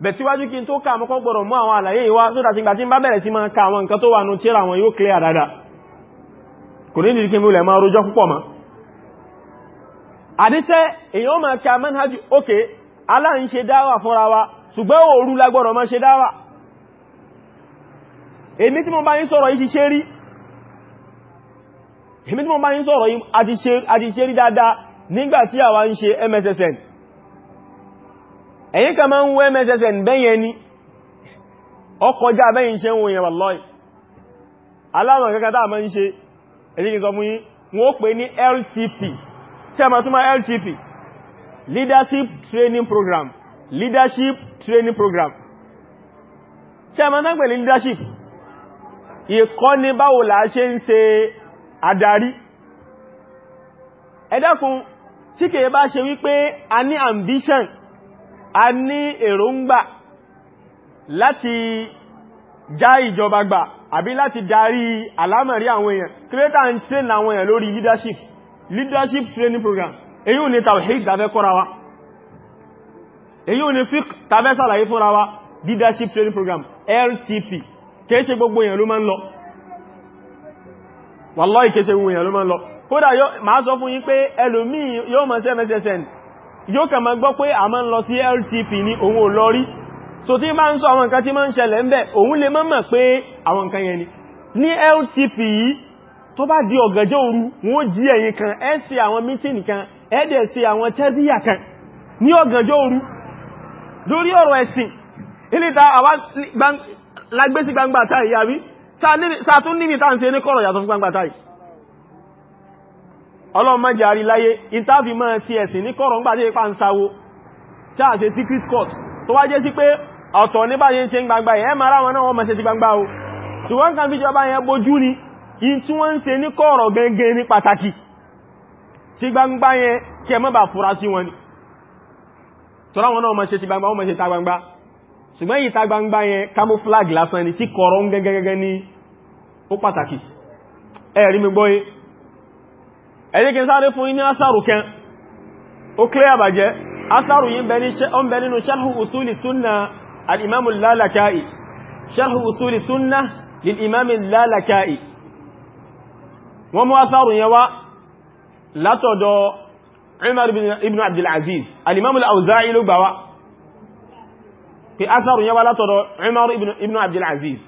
bẹ̀ síwájú kí n tó ká àmọ́kọ́ gbọ́dọ̀ mú àwọn àlàyé ìwá tó dàti gbà tí ń bá bẹ̀rẹ̀ sí máa ka àwọn nǹkan tó wà nù tíra àwọn yóò clear dáadáa kò ní ìdíkí múlẹ̀ máa rojọ́ púpọ̀ ma àdíṣẹ́ èyàn máa ka manhaj ókè aláà ń ṣe dáwà fúnra wa ṣùgbọ́n òru lágbọ́dọ̀ máa ẹ̀yin kan máa ń wẹ́ mẹ́sẹsẹ̀ bẹ́yẹn ni ọkọjá bẹ́yìn ṣe ń wo yẹn wallahi aláwọn kankan tàà máa ń ṣe ma LTP leadership training program leadership training program ṣe ma tán leadership ìkọ́ni báwo la ṣe ń ṣe adarí ẹ dákun tí kèé bá ṣe wípé a ní ambition a ní èròǹgbà láti já ìjọba gbà àbí láti darí àlámọ̀rí àwọn èèyàn creator ń train àwọn èèyàn lórí leadership leadership training program èyí ò ní tawhid tàfẹ́ kọ́ra wa èyí ò ní fiqh tàfẹ́ sàlàyé fúnra wa leadership training program LTP kìí ṣe gbogbo èèyàn ló máa ń lọ wallahi kìí ṣe gbogbo èèyàn ló máa ń lọ kódà máa sọ fún yín pé ẹlòmíì yóò mọ̀ sí mssn yóò kàn máa gbọ́ pé a máa ń lọ sí LTP ní owó lọ́rí so tí máa ń sọ àwọn nǹkan tí máa ń ṣẹlẹ̀ ń bẹ̀ òun lè máa mọ̀ pé àwọn nǹkan yẹn ni ní LTP yìí tó bá di ọ̀gànjọ́ òru wọ́n jí ẹ̀yìn kan ẹ́ sí àwọn mítíìnì kan ẹ́dẹ̀ sí àwọn tẹ́síyà kan ní ọ̀gànjọ́ òru lórí ọ̀rọ̀ ẹ̀sìn ilẹ̀ta àwa lágbésí gbangbàtà ìyàwí sáà tún níbi táà ń ṣe ní kọ̀rọ̀ yàtọ̀ fún gbangbàtà yìí ọlọ́run mẹ́jẹ̀ àrí láyé ìtàfi máa ti ẹ̀sìn ní kọ̀rọ̀ ńgbà tí ipa ń sáwó tí a secret court tó wá jẹ́ sí pé ọ̀tọ̀ ní báyé ń ṣe gbangba mara wọn náà wọ́n máa ṣe ti gbangba o tí wọ́n kàn fi jọba yẹn bojú ni in tí wọ́n ń ṣe ní kọ̀rọ̀ gẹ́gẹ́ ní pàtàkì ti gbangba yẹn kí ẹ má bà fura sí wọn ni tọ́lá wọn náà máa ṣe ti wọ́n máa ṣe ṣùgbọ́n yìí ta yẹn camouflage lásán ni tí kọ̀rọ̀ ń gẹ́gẹ́gẹ́ ní ó pàtàkì ẹ̀rí mi gbọ́yé ẹ̀rí kí n sáré fún ní asáàrù kẹ ó kílẹ̀ àbàjẹ́ asáàrù yí ń bẹ nínú sharhu usuli sunna al'imamu lalaka'i sharhu usuli sunna lil'imami lalaka'i wọ́n mú asáàrù yẹ wá látọ̀dọ̀ umar ibn abdulaziz al'imamu al'auza'i ló gbawa fi asáàrù yẹ wá látọ̀dọ̀ umar ibn abdulaziz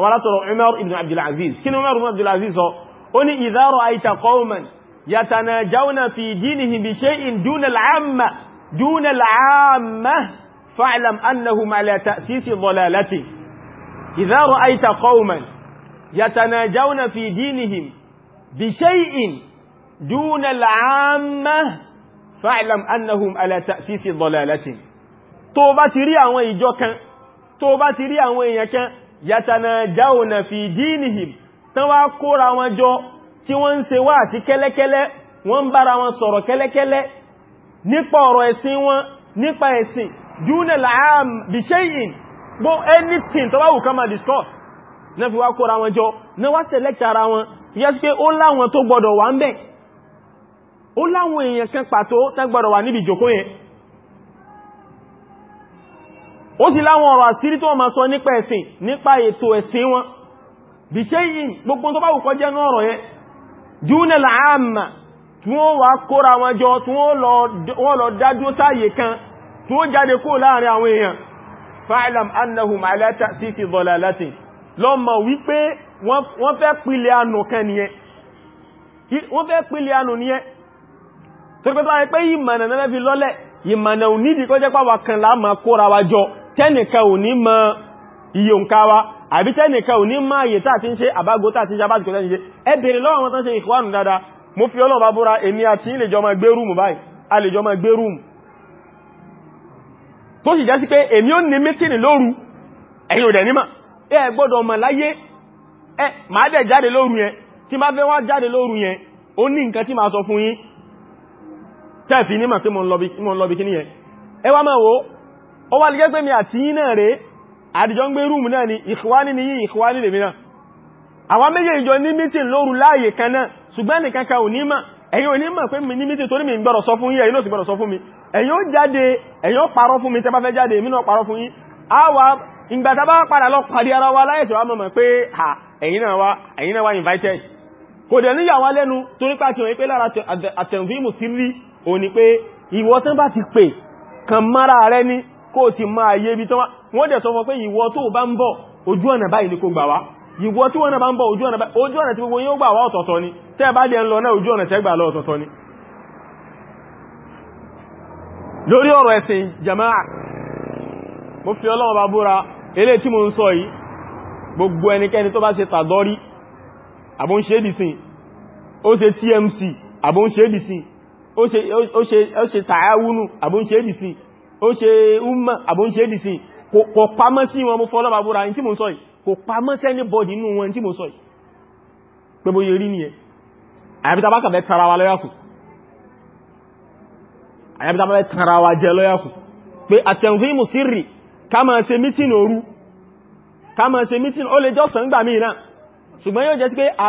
wá látọ̀dọ̀ umar ibn abdulaziz kí ni umar ibn abdulaziz sọ ó ní idha ra'ayta qawman يتناجون في دينهم بشيء دون العامة دون العامة فاعلم أنهم على تأسيس ضلالته إذا رأيت قوما يتناجون في دينهم بشيء دون العامة فاعلم أنهم على تأسيس ضلالته tó ريا ti rí ريا ìjọ يتناجون في دينهم ti وَجَوْ tí wọ́n ń ṣe wá àti kẹ́lẹ́kẹ́lẹ́ wọ́n ń bára wọn sọ̀rọ̀ kẹ́lẹ́kẹ́lẹ́ nípa ọ̀rọ̀ ẹ̀sìn wọn nípa ẹ̀sìn dúnà láàm bí ṣe anything tó bá wù ká máa discuss náà fi wá kóra wọn jọ náà wá select ara wọn yẹ́ sí pé ó láwọn tó gbọ́dọ̀ wà ń bẹ̀ ó láwọn èèyàn kan pàtó tán gbọ́dọ̀ wà níbi ìjòkó yẹn ó sì láwọn ọ̀rọ̀ àsírí tó máa bí ṣe yìn gbogbo tó bá wù kọjẹ́ náà ọ̀rọ̀ yẹn dúnà láàmà tí wọ́n wá kóra wọn jọ tí wọ́n lọ dájú sáyé kan tí wọ́n jáde kó láàrin àwọn èèyàn fa'alam annahum ala ta'sisi dhalalatin lọ́mọ wípé wọ́n fẹ́ pìlẹ̀ ànù kan nìyẹn wọ́n fẹ́ pìlẹ̀ ànù nìyẹn tó pẹ́ báyẹ àbí tẹ́nìkan ò ní máa yè tàà tí ń ṣe àbágo tàà tí ń ṣe àbájúkọ́ tẹ́ ń ṣe ẹ bèèrè lọ́wọ́ wọn tán ṣe ìkwánù dáadáa mo fi Ọlọ́run bá búra èmi àti ilé jọ máa gbé rúùmù báyìí a lè jọ máa gbé rúùmù tó sì jásí pé èmi ò ní mítìnì lóru ẹ̀yin ò dẹ̀ nímà ẹ gbọ́dọ̀ mọ̀ láyé ẹ máa dẹ̀ jáde lóru yẹn tí máa fẹ́ àdìjọ ń gbé rúùmù náà ni ìkwáni ni yí ìkwáni lè mìíràn àwọn méjèèjì jọ ní mítìn lóru láàyè kan náà ṣùgbọ́n nìkan kan ò ní mà ẹ̀yin ò ní mà pé mi ní mítìn torí mi ń gbọ́dọ̀ sọ fún yín ẹ̀yin náà sì gbọ́dọ̀ sọ fún mi ẹ̀yin ó jáde ẹ̀yin ó parọ́ fún mi tẹ́ bá fẹ́ jáde èmi náà parọ́ fún yín àwa ìgbà kó ti máa yé bí tọ́wá wọ́n dẹ̀ sọ fún pé ìwọ tó bá ń bọ̀ ojú ọ̀nà báyìí ni kó gbà wá ìwọ tí wọ́n náà bá ń bọ̀ ojú ọ̀nà báyìí ojú ọ̀nà tí gbogbo yín gbà wá ọ̀tọ̀ọ̀tọ̀ ni tẹ́ bá dẹ̀ ń lọ náà ojú ọ̀nà tẹ́ gbà lọ jama'a mo fi ọlọ́wọ́ bá búra ilé tí mo ń sọ yìí gbogbo ẹnikẹ́ni tó bá ṣe tàdọ́rí àbó ń ṣe dìsìn ó ṣe umma àbò ń ṣe dìsìn kò pamọ́ sí wọn mú fọ́lọ́bà búra ní tí mo sọ yìí kò pamọ́ sẹ́ni bọ́dì inú wọn tí mo sọ yìí pé bó yẹ rí nìyẹn àyàbí tàbá kàfẹ́ tara wa lọ́yàkù àyàbí tàbá fẹ́ tara wa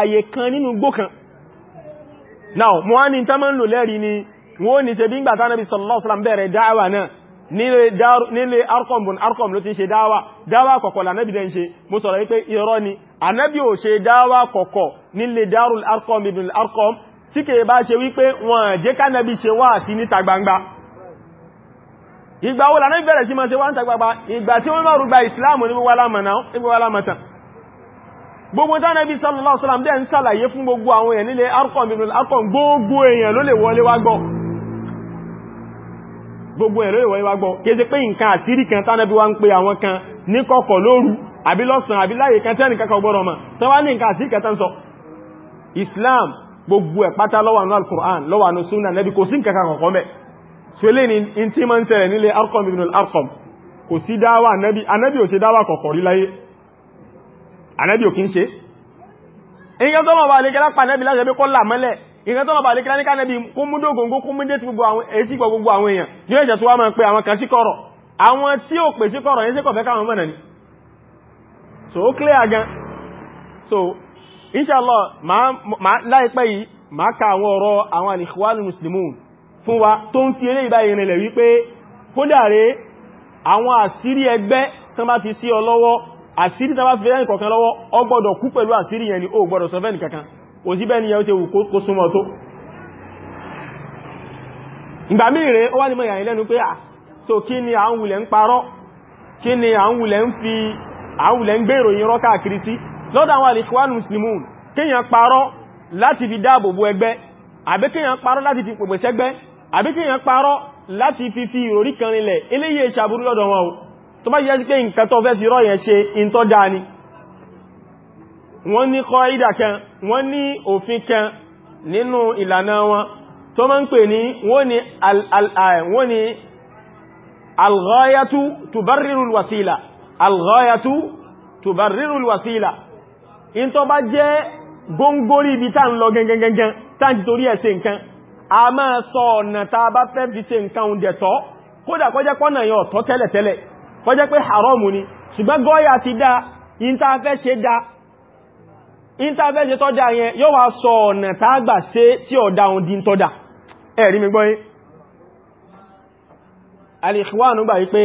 jẹ kan now mo wá ní tán máa ń lò lẹ́rìí ni wọ́n ní ṣe bí ń gbà tánàbí sallallahu alaihi bẹ̀rẹ̀ dáwà náà nílé arkham bun arkham ló ti ṣe dáwà dáwà kọ̀kọ̀ lànẹ́bì dẹ́ ń ṣe mú sọ̀rọ̀ wípé irọ́ ni ànẹ́bì ò ṣe dáwà kọ̀kọ̀ nílé darul arkham ibn arkham tí kèé bá ṣe wípé wọ́n jẹ́ kánẹ́bì ṣe wà sí níta gbangba ìgbà wo lànẹ́bì bẹ̀rẹ̀ sí máa ṣe wà níta gbangba ìgbà tí wọ́n márùgbà ìsìláàmù ní gbogbo alámọ̀tàn gbogbo tánẹ́bì sallallahu alaihi wasallam dẹ́ ń sàlàyé fún gbogbo gbogbo ẹ̀rọ ìwọ̀ ìwà gbọ́ kéèsè pé nǹkan àtírí kan tánàbí wá ń pe àwọn kan ní kọ̀kọ̀ lóru àbí lọ́sàn àbí láyé kan tẹ́nì kankan gbọ́rọ̀ mọ̀ tán wá ní nǹkan àtírí kan tán sọ Islam gbogbo ẹ̀ pátá lọ́wà al-Qur'an lọ́wà ní sunna nẹ́bí kò sí nǹkan kan kọ̀kọ́ mẹ́ so ni in tí máa ń tẹ̀lẹ̀ nílé Arqam ibn al-Arqam kò sí dáwà anẹ́bí anẹ́bí ò sí dáwà kọ̀kọ̀ rí láyé anẹ́bí ìrẹ́ tọ́lọ̀ bàlẹ̀ kíra ní kánẹ́bí kó mú dógóngó kó mú dé sí gbogbo àwọn èèyàn ní ẹ̀jẹ̀ tó wá máa pé àwọn kan sí kọ̀rọ̀ àwọn tí ó pè sí kọ̀rọ̀ yẹn sí kọ̀fẹ́ káwọn mọ̀nà ni so ó clear so inshallah ma ma ka àwọn ọ̀rọ̀ àwọn alikhwanul muslimun fún wa tó ń fi eré ìbáyìí rìnlẹ̀ wípé kódàre àwọn àṣírí ẹgbẹ́ tán bá fi sí ọ lọ́wọ́ àṣírí tán bá fi rẹ́ nìkọ̀kan lọ́wọ́ kò sí bẹ́ẹ̀ ni yẹn ó ṣe wù kó súnmọ́ tó ìgbà míì rẹ̀ ó wá ní mọ̀ ìyàyìn lẹ́nu pé à ah, so kí ni à ń wulẹ̀ ń parọ́ kí ni à ń wulẹ̀ ń fi à ń wulẹ̀ ń gbé ìròyìn rọ́ káàkiri sí lọ́dọ̀ àwọn muslimun kíyàn parọ́ láti fi dáàbò bo ẹgbẹ́ àbí kíyàn parọ́ láti fi pèpè sẹ́gbẹ́ àbí kíyàn parọ́ láti fi fi ìròrí kan rinlẹ̀ eléyìí ìṣàbúrú lọ́dọ̀ wọn o tó bá jẹ́ sí pé nǹkan wọ́n ní kọ́ ìdà wọ́n ní òfin kan nínú ìlànà wọn tó máa ń pè ní wọ́n ni alghayatu tubarrirul wasila alghayatu tubarrirul wasila in tó bá jẹ́ góngórí ibi tá ń lọ gẹngẹngẹngẹn tá ń torí ẹ̀ ṣe nǹkan a máa sọ ọ̀nà tá bá fẹ́ fi ṣe nǹkan oúnjẹ tọ́ kódà kọjẹ́ pọ́nà yọ ọ̀tọ́ tẹ́lẹ̀tẹ́lẹ̀ kọjẹ́ pé haram ni ṣùgbọ́n gọ́yà ti dá in tá fẹ́ ṣe dá ìntàbẹ́sẹ̀ tọ́dá yẹn yóò wá sọ ọ̀nà tàgbà sí tí ọ̀dá ohun di tọ́dá ẹ̀rí mi gbọ́yí alìkíwánú gbà wípé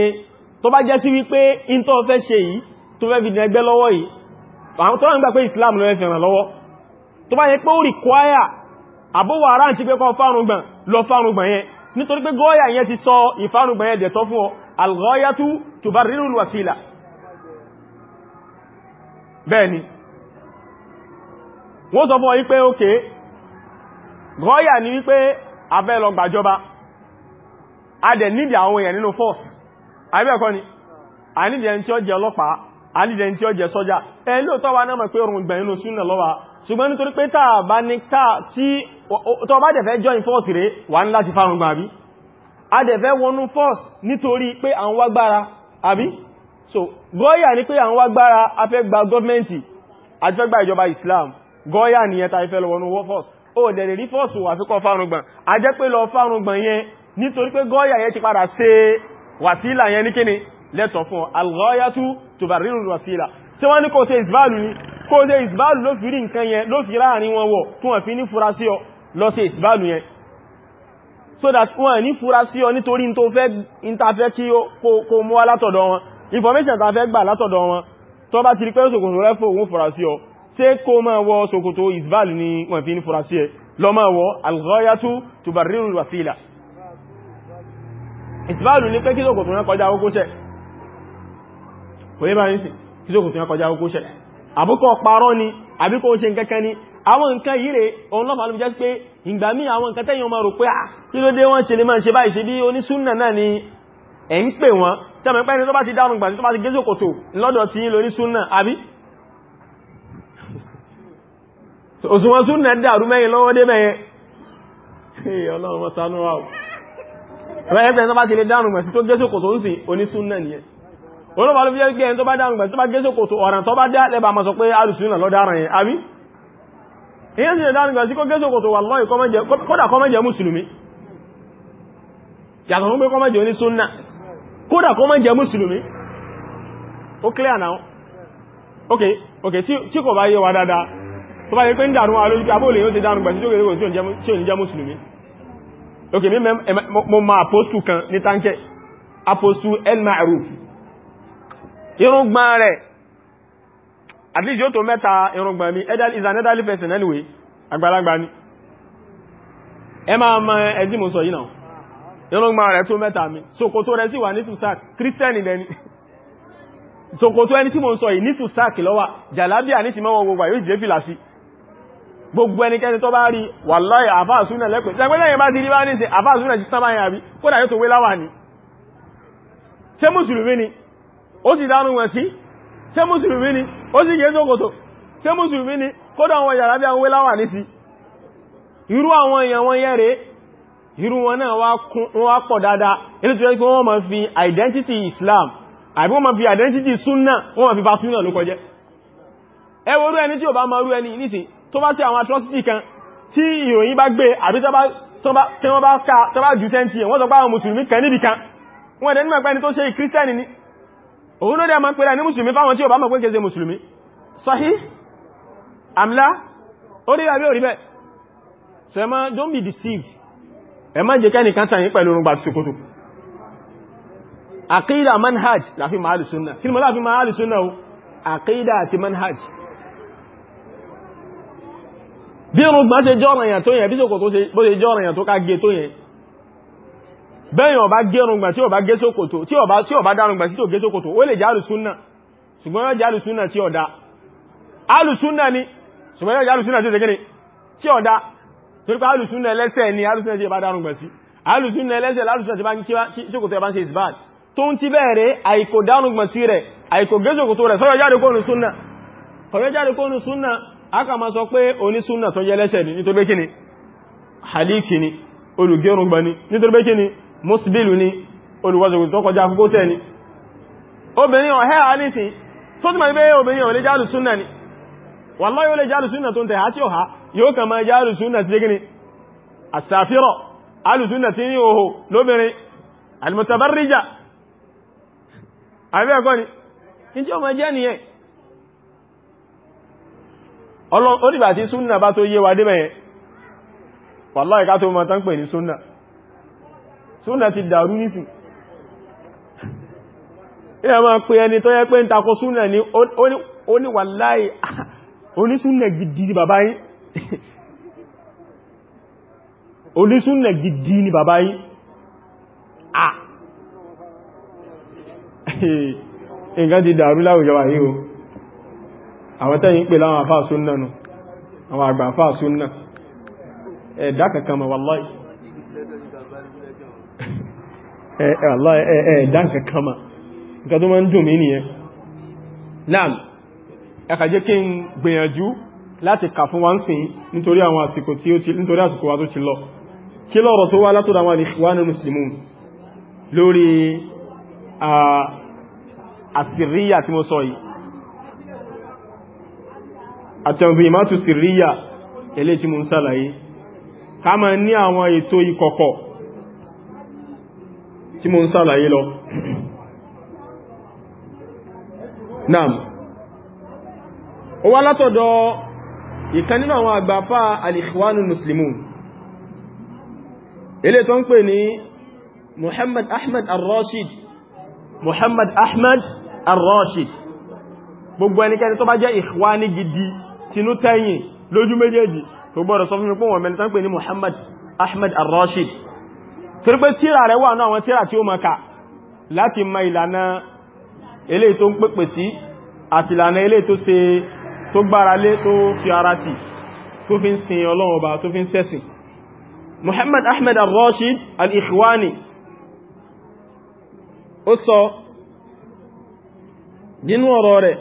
tó bá jẹ́ sí wípé ìntọ́ fẹ́ ṣe yìí tó fẹ́ fi dìn ẹgbẹ́ lọ́wọ́ yìí àwọn tó wọ́n gbà pé Islam ló fẹ́ ràn lọ́wọ́ tó bá yẹ pé ó require àbówà ara ti pé kọ́ fárúgbàn lọ fárúgbàn yẹn nítorí pé gọ́ọ̀yà yẹn ti sọ ìfárúgbàn yẹn dẹ̀tọ́ fún ọ al-ghayatu tubarriru al-wasila bẹ́ẹ̀ni wọ́n sọ fún ọ wípé ókè gọ́ọ̀yà ni wípé abẹ́ lọ gbàjọba a dẹ̀ níbi àwọn èèyàn nínú force àbẹ́ẹ̀kọ́ ni a níbi ẹni tí ó jẹ ọlọ́pàá a níbi ẹni tí ó jẹ sọ́jà a dẹ̀fẹ́ wọnú force nítorí pé à ń wágbára àbí so gọ́ọ̀yà ni pé à ń wágbára afẹ́ gba gọ́ọ̀mẹ́ntì àti fẹ́ gba ìjọba Islam gọ́yà nìyẹn ta ìfẹ́ lọ́wọ́nú wọ́fọ́s ó dẹ̀rẹ̀ rí fọ́ọ̀sù wà fíkọ́ fárúgbọ̀n a jẹ́ pé lọ fárúgbọ̀n yẹn nítorí pé gọ́yà yẹn ti padà ṣe wàsílà yẹn ní kíni lẹ́tọ̀ fún al-ghayatu tubarriru al-wasila tí wọ́n ní kò ṣe ìsbáàlù ní kò ṣe ìsbáàlù ló fi rí nǹkan yẹn ló fi láàrin wọn information ta fẹ́ gbà látọ̀dọ̀ wọn tó bá ti rí pé ó rẹ́fò òun fura sí ọ ṣé kó máa wọ ṣòkòtò isbal ni wọ́n fi ní fura sí ẹ lọ máa wọ al-ghayatu tubarriru al-wasila isbal ní pé kí ṣòkòtò yẹn kọjá kókósẹ̀ kò yẹ bá ní sí kí ṣòkòtò yẹn kọjá kókósẹ̀ àbúkọ parọ́ ni àbíkọ ṣe nǹkankan ni àwọn nǹkan yìí rẹ̀ òun lọ́fà ló jẹ́ pé ìgbà míì àwọn nǹkan tẹ́yìn ọmọ rò pé à ah, kí ló dé wọ́n ṣe òṣùwọ̀n súnnà dàrú mẹ́yìn lọ́wọ́ dé mẹ́yìn ọlọ́run mọ́ sánú wà rẹ̀ ẹgbẹ̀rẹ̀ tó bá ti lè dárùn gbẹ̀sí tó gẹ́sòkò tó ń sìn oní súnnà nìyẹn olóòbá ló fi jẹ́ gẹ́ẹ̀ tó bá dárùn gbẹ̀sí tó bá gẹ́sòkò tó ọ̀ràn tó bá dá lẹ́bàá mọ́ sọ pé alùsùnà lọ dáràn yẹn àbí ìyẹn sì lè dárùn gbẹ̀sí kó gẹ́sòkò tó wallahi kódà kọ́mẹ́jẹ mùsùlùmí yàtọ̀ fún clear now okay okay tí kò bá yé wa dáadáa tó bá yẹ pé ń dànú wa lójú pé abóòlè yóò ti dànù gbà tí ó kèrè tí ò ní jẹ́ mùsùlùmí ok mo ma apostu kan ní tánkẹ́ apostu el ma'ruf irúgbọ́n rẹ̀ at least yóò tó mẹ́ta irúgbọ́n mi edal is an elderly person anyway àgbàlagbà ni ẹ máa mọ ẹjí mo sọ yìí náà mi ṣòkòtò rẹ̀ sì wà ní susak kírísítẹ́nì lẹ́ni ṣòkòtò ẹni tí mo sọ yìí ní susak lọ́wà jàlábíà ní ti mọ́wọ́ gbogbo yóò jẹ́ fìlà sí gbogbo ẹnikẹ́ni tó bá rí wàláyé àfáàsúnà lẹ́pẹ̀ tẹ́gbẹ́lẹ́yìn bá ti rí bá ní ṣe àfáàsúnà ti sábà yà bí kódà yóò tó wé láwà ní ṣe mùsùlùmí ni ó sì dánú wọn sí ṣe mùsùlùmí ni ó sì gẹ́ sókòtò ṣe mùsùlùmí ni kódà wọn yàrá bí àwọn wé láwà ní sí irú identity Islam àbí identity sunna wọ́n máa fi fa sunna ló kọjẹ́ ẹ wo rú ẹni tí ò bá máa rú ẹni nísìn tó bá sí àwọn atrocity kan tí ìròyìn bá gbé àbí tí wọ́n bá ká tó bá jù tẹ́ntì wọ́n sọ pé àwọn mùsùlùmí kan níbi kan wọ́n ẹ̀dẹ̀ nígbàgbẹ́ ni tó ṣe kírísítẹ́nì ni òun ló dẹ̀ máa ń pèrè ní mùsùlùmí fáwọn tí ò bá mọ̀ pé kèsè mùsùlùmí sọ́hí àmìlá orí àbí orí bẹ́ẹ̀ so don't be deceived ẹ má jẹ́ kẹ́ni kan tàyín pẹ̀lú orúngbà sokoto àkídà manhaj láfi máa lùsùnà kí ni mo láfi máa lùsùnà o àkídà àti manhaj bí irun gbọ́n ṣe jọ́rọ̀ èèyàn tó yẹn bí ṣòkòtò bó ṣe jọ́rọ̀ èèyàn tó ká gé tó yẹn bẹ́yìn ọba gé irun gbọ́n tí ọba gé ṣòkòtò tí ọba tí ọba dárun tí ò gé ṣòkòtò ó lè jẹ́ alùsúnà ṣùgbọ́n yóò jẹ́ alùsúnà tí ọ̀dá alùsúnà ni ṣùgbọ́n yóò jẹ́ alùsúnà tí ó ṣe tí ọ̀dá torí pé alùsúnà ni alùsúnà tí ọba dárun gbọ́n sí alùsúnà ẹlẹ́sẹ̀ alùsúnà tí bá ń kí ṣòkòtò ẹ̀ bá ń ṣe ìsbáà tó ń ti bẹ́ẹ̀rẹ̀ àìkò dárun gbọ́n sí rẹ̀ àìkò gé ṣòkòtò rẹ̀ sọ́yọ́ jáde kóònù súnà aka ma sọ pé onísúnnà tó yẹlẹ́ṣẹ̀ ni nítorí bẹ́kí ni haliki ni olùgẹ́rùngbà ni nítorí bẹ́kí ni musbilu ni olùwọ́sọ̀gbẹ̀ tó kọjá àkókò sẹ́ ni obìnrin ọ̀hẹ́ àníṣì tó ti ma pé obìnrin ò lè jálù súnnà ni wallahi ó lè jálù súnnà tó ń tẹ̀ àti ọ̀há yóò kà máa jálù súnnà ti gini àsàfírọ̀ alùsúnnà ti ní òhò lóbìnrin alìmọ̀tàbárìjà àbẹ́ ẹ̀kọ́ ni ìjọ́ ma jẹ́ nìyẹn ó dìbà tí súnnà bá tó yé wa débẹ̀ wàláhì ká tó mọ̀ tán pè ní súnnà súnnà ti dàrú nísì ilẹ̀ máa pè ẹni tó yẹ pé ń takò súnnà ní ó ní gidi ni bàbá yín onísúnnà gidi ni bàbá yín ah nǹkan ti dàrú láwùjọ wà yìí o àwọn tẹ́yìn pè láwọn àfáà súnnà nù àwọn àgbà àfáà súnnà ẹ̀dá kankan mọ̀ wàláì ẹ̀ẹ̀dá kankan mọ̀ nǹkan tó máa ń dùn mí nìyẹn náà ẹ̀kàjẹ́ kí n gbìyànjú láti kà fún wọ́n sìn nítorí àwọn àsìkò tí ó ti nítorí àsìkò wa tó ti lọ kí lọ́rọ̀ tó wá látọ̀dọ̀ àwọn Ikhwan Muslimun lórí àsìríyà tí mo sọ yìí àtẹ̀wọ̀bìnmátù sìríyà ilé tí mo ń sàlàyé ká ma ní àwọn ètò ìkọ̀kọ̀ tí mo ń sàlàyé lọ naam ó wá látọ̀dọ̀ ìkan nínú àwọn àgbàfà al-Ikhwanu ilé tó ń pè ní Muhammad Ahmed al-Rashid Muhammad Ahmed al-Rashid gbogbo ẹnikẹni tó bá jẹ́ ìkwá gidi tinú tẹ́yìn lójú méjèèjì tó gbọ́dọ̀ sọ fún mi pé wọ́n mẹ́ni tán pè ní Muhammad Ahmed al-Rashid torí pé tíra rẹ̀ wà náà àwọn tíra tí ó mọ̀ ká láti mọ ìlànà eléyìí tó ń pèpè sí àti ìlànà eléyìí tó ṣe tó gbára lé tó fi ara tì tó fi ń sin Ọlọ́run tó fi ń sẹ́sìn Muhammad Ahmed al-Rashid al-Ikhwani ó sọ nínú ọ̀rọ̀ rẹ̀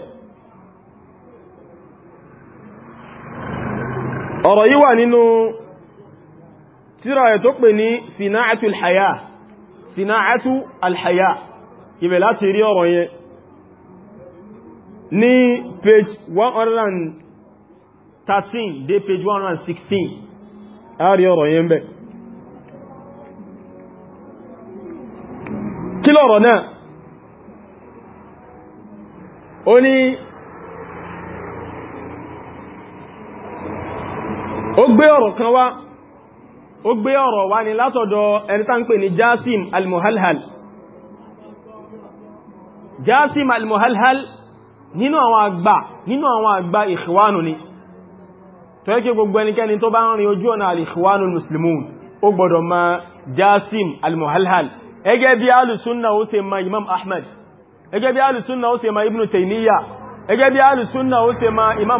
ọ̀rọ̀ yìí wà nínú tíra rẹ̀ tó pè ní sina'atu alhaya sina'atu alhaya ibẹ̀ láti rí ọ̀rọ̀ yẹn ní page 113 dé page 116 a rí ọ̀rọ̀ yẹn bẹ̀ kí lọ̀rọ̀ náà ó ní ó gbé ọ̀rọ̀ kan wá ó gbé ọ̀rọ̀ wá ní látọ̀dọ̀ ẹni tá ń pè ní Jasim al-Muhalhal Jasim al-Muhalhal nínú àwọn àgbà nínú àwọn àgbà ìṣìwánu ni tó yẹ kí gbogbo ẹnikẹ́ni tó bá ń rin ojú ọ̀nà al-ìṣìwánu muslimun ó gbọ́dọ̀ ma Jasim al-Muhalhal ẹgẹ́ bí alùsúnnà ó ṣe ma Imam Ahmad ẹgẹ́ bí alùsúnnà ó ṣe ma Ibn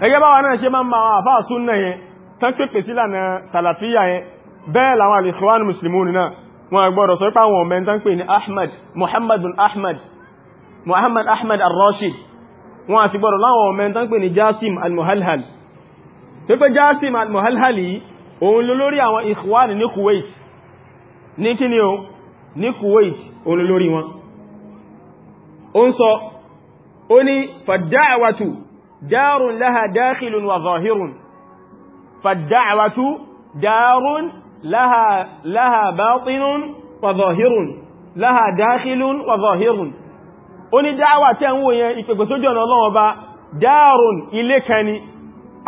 ẹgẹ́ bá wà náà ṣe máa ń bá àwọn àfáà súnnà yẹn tán pèpè sí lànà sàlàfíà yẹn bẹ́ẹ̀ làwọn al-Ikhwan al-Muslimun náà wọn gbọ́dọ̀ sọ pé àwọn ọmọ ẹntán pè ní Ahmad Muhammad bin Ahmad Muhammad Ahmad al-Rashid wọn àti gbọ́dọ̀ láwọn ọmọ ẹntán pè ní Jasim al-Muhalhal tó pé Jasim al-Muhalhal yìí òun ló lórí àwọn Ikhwan ní Kuwait ní kí ni o ní Kuwait òun ló lórí wọn ó ń sọ ó ní fàdáwàtù دار لها داخل وظاهر فالدعوة دار لها, لها باطن وظاهر لها داخل وظاهر oni dáwà tẹ́ ń wò yẹn ìpẹ̀gbẹ̀sójú ọ̀nà ọlọ́wọ́ bá dáàrùn ilé kan ni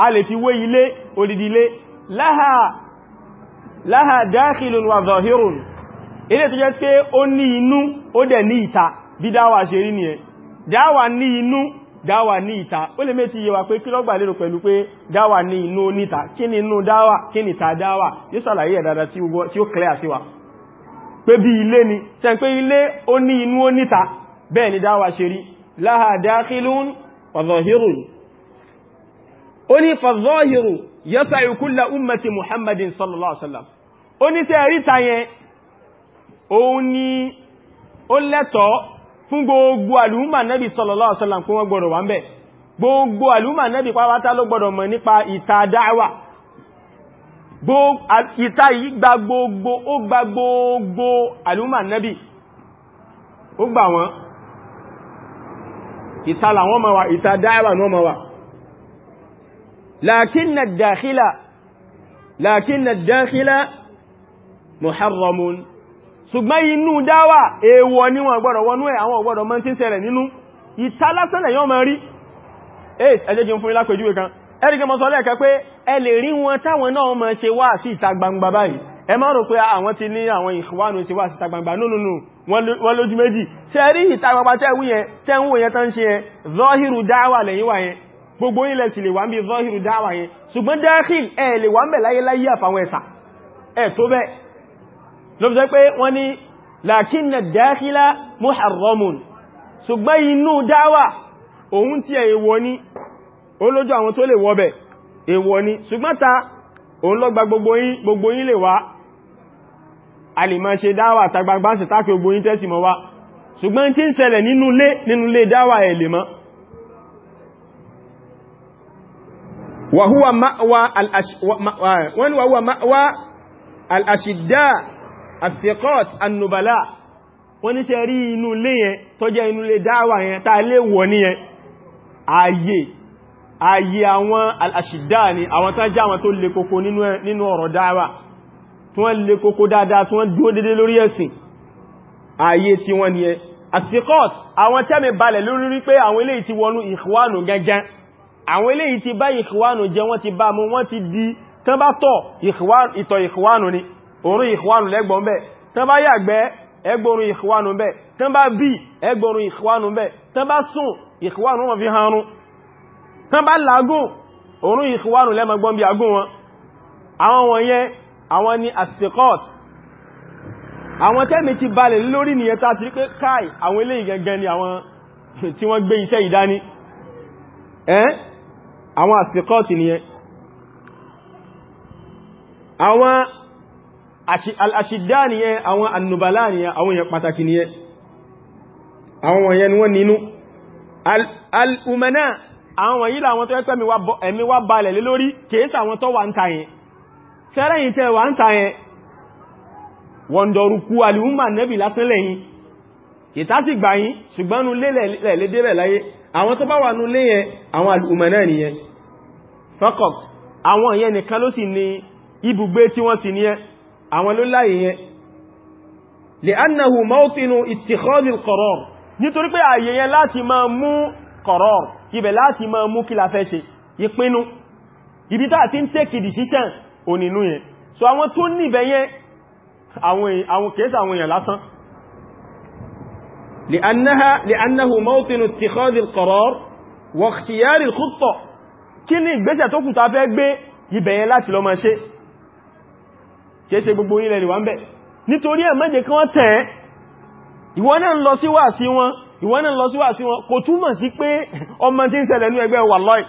a lè fi wé ilé odidi ilé láhà dáàkìlùn wà zọ̀hírùn ó ní inú ó dẹ̀ ní ìta bí dáwà ṣe rí dáwà ní inú dáwà ní ìta ó lè méjì yíwa pé kí lọ́gbà lérò pẹ̀lú pé dáwà ní inú níta kí ni inú dáwà kí ni ta dáwà yóò sàlàyé ẹ̀ dáadáa tí ó clear sí wa pé bí ilé ni ṣe pé ilé ó ní inú ó níta bẹ́ẹ̀ ni dáwà ṣe rí láha dákílún muhammadin sallallahu alaihi wasallam ó ní tẹ́ẹ̀ríta yẹn fún gbogbo àlúmà nẹ́bí sallallahu alaihi wasallam kó wọ́n gbọ́dọ̀ wà ń bẹ̀ gbogbo àlúmà nẹ́bí pàwátá ló gbọ́dọ̀ mọ̀ nípa ìta dáwà ìta yìí gba gbogbo ó gba gbogbo àlúmà nẹ́bí ó gbà wọ́n ìta làwọn ma wà ìta dáwà ní wọ́n ma wà lakinna ad muharramun ṣùgbọ́n inú dáwà èèwọ̀ ni wọ́n gbọ́dọ̀ wọnú ẹ̀ àwọn ọ̀gbọ́dọ̀ mọ́ tí ń ṣẹlẹ̀ nínú ìta lásánlẹ̀ yọ́ mọ́ rí ẹjẹ́ kí n fún ilápẹ̀júwe kan ẹ̀rìkẹ́ mọ́ sọ lẹ́ẹ̀kẹ́ pé ẹ lè rí wọn táwọn náà mọ́ ṣe wá sí ìta gbangba báyìí ẹ má rò pé àwọn ti ní àwọn ìwánu ṣe wá sí ìta gbangba nínú wọn lójú méjì ṣe rí ìta gbangba tẹ́wù yẹn tẹ́wù yẹn tán ṣe gbogbo ilẹ̀ sì lè wà ń bí zọ́hìrù dáwà yẹn ṣùgbọ́n dáhìl ẹ lè wà ń bẹ̀ láyé láyé àfàwọn ẹ̀sà ẹ tó bẹ́ẹ̀ ló fi sọ pé wọ́n ní làkínà dákílá muharramun ṣùgbọ́n inú dáwà òun tí ẹ èwọ̀ ní olójú àwọn tó lè wọ́bẹ̀ èwọ̀ ní ṣùgbọ́n ta òun lọ gba gbogbo yín lè wá alìmọ̀ ṣe dáwà tagbàgbà sí tákì gbogbo yín tẹ́sì mọ́ wá ṣùgbọ́n tí ń ṣẹlẹ̀ nínú lé nínú lé dáwà ẹ̀ lè mọ́ wọ́n wà wà al-ashidda àfikọ́t annubala wọ́n ní ṣe rí inú ilé yẹn tó jẹ́ inú ilé dáwà yẹn tá lè wọ̀ ní yẹn ààyè ààyè àwọn al'ashidá ni àwọn tó já wọn tó lè kókó nínú ọ̀rọ̀ dáwà tí wọ́n lè kókó dáadáa tí wọ́n dúó dédé lórí ẹ̀sìn ààyè tí wọ́n ni ẹ àfikọ́t àwọn tẹ́mi balẹ̀ lórí rí pé àwọn eléyìí ti wọnú ìkwánù gẹ́gẹ́ àwọn eléyìí ti bá ìkwánù jẹ wọ́n ti bá mú wọ́n ti di tán bá tọ̀ ìtọ̀ ìkwánù ni òórùn ìkwánù lẹ́gbọ̀n bẹ́ tán bá yàgbẹ́ ẹgbọ̀rún ìkwánù bẹ́ tán bá bí ẹgbọ̀rún ìkwánù bẹ́ tán bá sùn ìkwánù wọn fi hanrun tán bá làágùn òórùn ìkwánù lẹ́mọ̀gbọ́n bí agún wọn àwọn wọ̀nyẹn àwọn ni asikot àwọn tẹ́mi ti balẹ̀ lórí nìyẹn tá ti rí pé káì àwọn eléyìí gẹ́gẹ́ ni àwọn tí wọ́n gbé iṣẹ́ ìdání ẹ́ àwọn asikot nìyẹn àwọn al-ashidda nìyẹn àwọn annubala nìyẹn àwọn èèyàn pàtàkì nìyẹn àwọn wọ̀nyẹn ni wọ́n nínú al-umana àwọn wọ̀nyí làwọn tó ẹ́pẹ́ ẹ̀mí wá balẹ̀ lé lórí kèésì àwọn tó wà ń ta yẹn sẹ́rẹ̀yìn tẹ́ wà ń ta yẹn wọ̀ndọ̀rùkú alìhúmà nẹ́bì lásán lẹ́yìn ìtàsì gbà yín ṣùgbọ́n nú lélẹ̀ lédébẹ̀ láyé àwọn tó bá wà nú lé yẹn àwọn alìhúmà náà nìyẹn fọ́kọ̀t àwọn yẹn nìkan ló sì ní àwọn ló láyé yẹn lè annahu mawtinu ittikhadil qarar nítorí pé àyè yẹn láti máa mú qarar ibẹ̀ láti máa mú kí la fẹ́ ṣe ìpinnu ibi tá ti ń take decision onínú yẹn so àwọn tó níbẹ̀ yẹn àwọn kèésà àwọn èèyàn lásán لأنها لأنه موطن اتخاذ القرار واختيار الخطة kí ni ìgbésẹ̀ tó kù tá fẹ́ gbé ibẹ̀ kéèṣe gbogbo ilẹ̀ ni wà ń bẹ̀ nítorí ẹ̀ mẹ́jẹ kí wọ́n tẹ̀ ẹ́ ìwọ náà ń lọ sí wà sí wọn ìwọ náà ń lọ sí wà sí wọn kò túmọ̀ sí pé ọmọ tí ń ṣẹlẹ̀ ní ẹgbẹ́ wà lọ́ì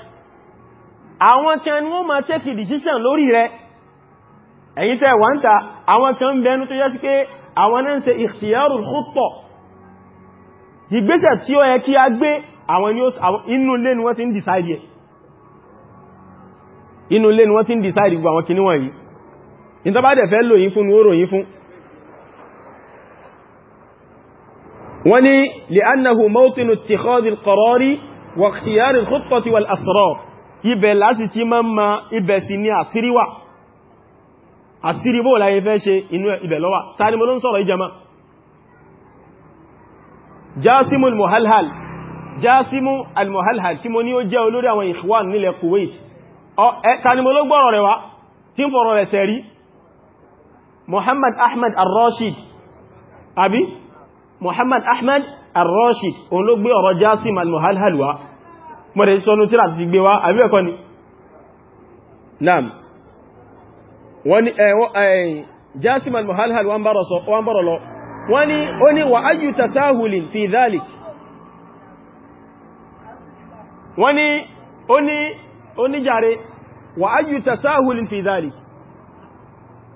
àwọn kan ni wọ́n máa tẹ́kì decision lórí rẹ ẹ̀yin tẹ́ decide yẹ inú decide gbogbo àwọn kìnnìwọ̀n in tó bá dẹ̀ fẹ́ lò yín fún ó ròyìn fún wọ́n ni li'annahu mawtinu ittikhadil qarari wa ikhtiyaril khuttati wal asrar ibẹ̀ láti ti máa ma ibẹ̀ sí ní àsíríwà àsíríwò láyé fẹ́ ṣe inú ibẹ̀ lọ́wà tàbí mo ló ń sọ̀rọ̀ ìjẹma tí ń fọ̀rọ̀ rẹ̀ sẹ̀rí Muhammad Ahmad al-Rashid àbí Muhammad Ahmad al-Rashid òun ló gbé ọ̀rọ̀ Jasim al-Muhalhal wá mọ̀rẹ̀ sọ́nú tíra ti gbé wá àbí ẹ̀kọ́ ni naam wọ́n ni Jasim al-Muhalhal wọ́n bọ̀rọ̀ lọ wọ́n ni ó ní wà ayyu tasahulin fi dhalik wọ́n ayyu tasahulin fi dhalik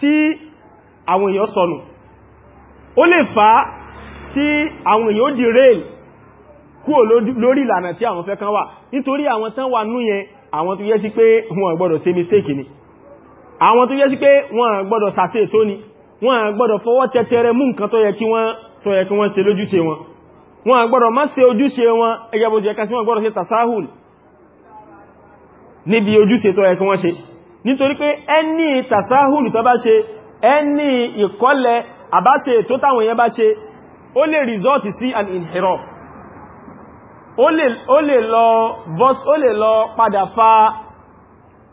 tí àwọn èèyàn sọnù ó lè fà á tí àwọn èèyàn ó di rail kúrò lórí ìlànà tí àwọn fẹ́ kan wà nítorí àwọn tán wà nú yẹn àwọn tó yẹ sí pé wọn gbọ́dọ̀ ṣe mistake ni àwọn tó yẹ sí pé wọn gbọ́dọ̀ sàṣe ètò ni wọn gbọ́dọ̀ fọwọ́ tẹ́tẹ́rẹ mú nǹkan tó yẹ kí wọ́n tó yẹ kí wọ́n ṣe lójúṣe wọn wọn gbọ́dọ̀ má ṣe ojúṣe wọn ẹgbẹ́ bó jẹ́ kásí wọn gbọ́dọ̀ ṣe tasahul níbi ojúṣe tó yẹ kí wọ́n ṣe nítorí pé ẹni tàṣáhùlù tó bá ṣe ẹni ìkọ́lẹ̀ àbáṣe tó táwọn èèyàn bá ṣe ó lè rìsọ́ọ̀tì sí an inhiraf ó lè lọ vọ́s ó lè lọ padà fa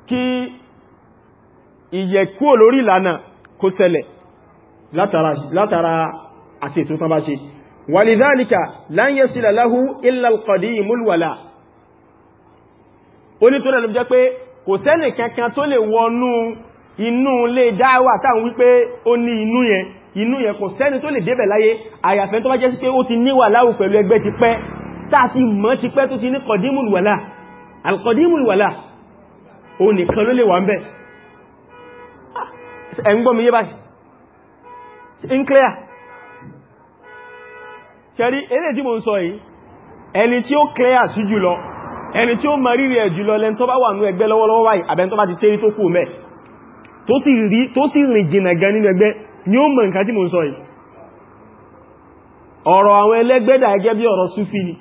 kí ìyẹ̀kú olórí ìlànà kó ṣẹlẹ̀ látara àṣẹ tó tán bá ṣe wàlìdáníkà láyé sílẹ̀ láhú ilẹ̀ alqadimul ó ní tó rẹ̀ lọ jẹ́ pé kò sẹ́nì kankan tó lè wọnú inú lè dáwà táwọn wípé ó ní inú yẹn inú yẹn kò sẹ́ni tó lè débẹ̀ láyé àyàfẹ́ tó bá jẹ́ sí pé ó ti níwà láwù pẹ̀lú ẹgbẹ́ ti pẹ́ táàtì mọ́ ti pẹ́ tó ti ní kọ̀dímùlùwàlá alkọ̀dímùlùwàlá ó nìkan ló lè wà ń bẹ̀ ẹ̀ ń gbọ́ mi yé báyìí ń clear ṣẹ́rí eré tí mo ń sọ ẹni tí ó mọ rírì ẹ̀ jùlọ lẹ́n tó bá wà nú ẹgbẹ́ lọ́wọ́lọ́wọ́ báyìí àbẹ́n tó bá ti ṣeré tó kù mẹ́ tó sì rìn jìnà gan nínú ẹgbẹ́ ni ó mọ̀ nǹkan tí mo ń sọ yìí ọ̀rọ̀ àwọn ẹlẹ́gbẹ́dà ẹgẹ́ bí ọ̀rọ̀ súfì ni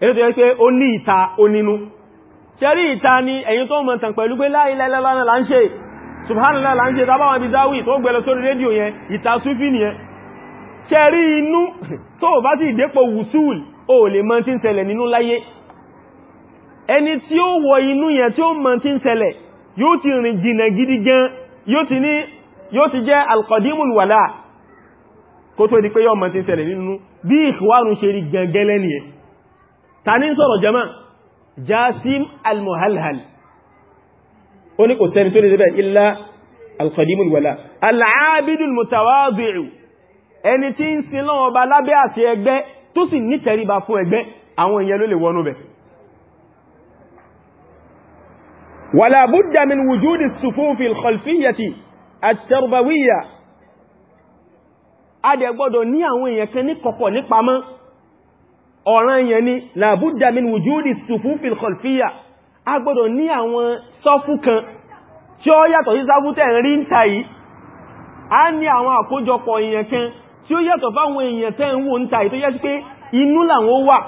ẹni tó yẹ pé ó ní ìta onínú ṣẹ́rí ìta ni ẹ̀yin tó mọ̀ tàn pẹ̀lú pé láìláìláìlá là ń ṣe subhanallah là ń ṣe tábáwọn ibi dáwì tó gbẹ̀lọ sórí rédíò yẹn ìta súfì nìyẹn ṣẹ́rí inú lè mọ̀ tí ń ṣẹlẹ̀ nínú láyé ẹni tí ó wọ inú yẹn tí ó mọ̀ tí ń ṣẹlẹ̀ yóò ti rìn jìnà gidi gan yóò ti ní yóò ti jẹ́ alkọ̀dímùl wàlá kó tó di pé yóò mọ̀ tí ń ṣẹlẹ̀ nínú bí ìkwárùn ṣe rí gangẹ́lẹ́ nìyẹn ta ní sọ̀rọ̀ jama jasim almuhalhal ó ní kò sẹ́ni tó lè débẹ̀ illa àwọn èèyàn ló lè wọnú bẹ̀ ولا بد من وجود الصفوف الخلفية التربوية adẹ̀ gbọ́dọ̀ ní àwọn èèyàn kan ní kọ̀kọ̀ ní pamọ́ ọ̀ràn èèyàn ni làbúdà min wùjúdì sùfúfil kọlfíyà a gbọ́dọ̀ ní àwọn sọ́fú kan tí ó yàtọ̀ sí sáfú tẹ́ ń rí ń ta yìí a ní àwọn àkójọpọ̀ èèyàn kan tí ó yàtọ̀ fáwọn èèyàn tẹ́ ń wò ń ta yìí tó yẹ́ sí pé inú làwọn wà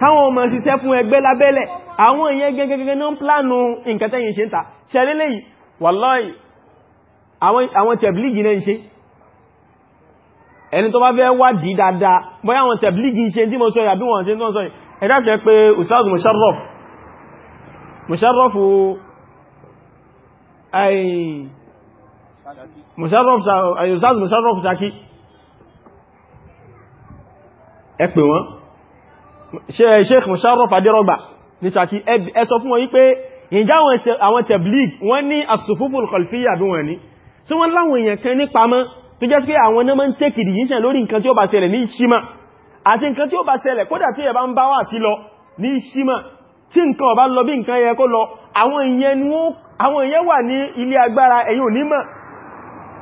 táwọn ọmọ ṣiṣẹ́ fún ẹgbẹ́ lábẹ́lẹ̀ àwọn èèyàn gẹ́gẹ́gẹ́ ní ń plánù nǹkan tẹ́yìn ṣe ń ta ṣẹlẹ́lẹ́ yìí wàláì àwọn tẹ̀blígì náà ń ṣe ẹni tó bá fẹ́ wádìí dáadáa bóyá àwọn tẹ̀blígì ṣe tí mo sọ yà bí wọ́n ṣe tó ń sọ yìí ẹ̀dá fẹ́ pé Ustaz Musharraf Musharraf Ustaz Musharraf Ṣakí ẹ pè wọ́n Sheikh Musharraf Adérọ́gbà ní Ṣakí ẹ sọ fún wọn yí pé ìjá àwọn tablig wọ́n ní asufuful khalfiyya bí wọ́n ní tí wọ́n láwọn èèyàn kan ní pamọ́ tó jẹ́ pé àwọn náà máa ń tẹ́kìdì yìí ṣẹ̀ lórí nǹkan tí ó bá ṣẹlẹ̀ ní ìṣímà àti nǹkan tí ó bá ṣẹlẹ̀ kódà tí ẹ bá ń bá wà sí lọ ní ìṣímà tí nǹkan ọ̀bá lọ bí nǹkan yẹ kó lọ àwọn èèyàn wà ní ilé agbára ẹ̀yin onímọ̀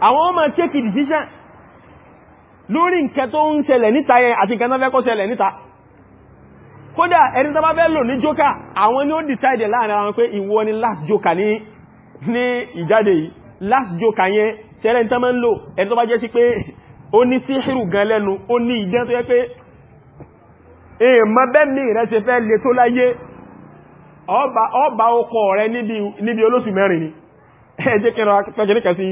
àwọn ọmọ tẹ́kìdì yìí lórí nǹkan tó ń ṣẹlẹ̀ níta yẹn àti nǹkan tó fẹ́ kó ṣẹlẹ̀ níta kódà ẹni tó bá fẹ́ lò ní jókà àwọn ni ó decide láàrin ara wọn pé ìwọ ni last jókà ní ìjáde yìí last jókà yẹn tẹ́rẹ tó máa ń lò ẹni tó bá jẹ́ sí pé ó ní síhìrù gan lẹ́nu ó ní ìdán tó yẹ pé èèmọ́ bẹ́ẹ̀mí rẹ̀ ṣe fẹ́ lè tó láyé ọba ọkọ̀ rẹ̀ níbi olóṣù mẹ́rin ni ẹjẹ́ kẹrọ pẹ́jẹ́ kan sí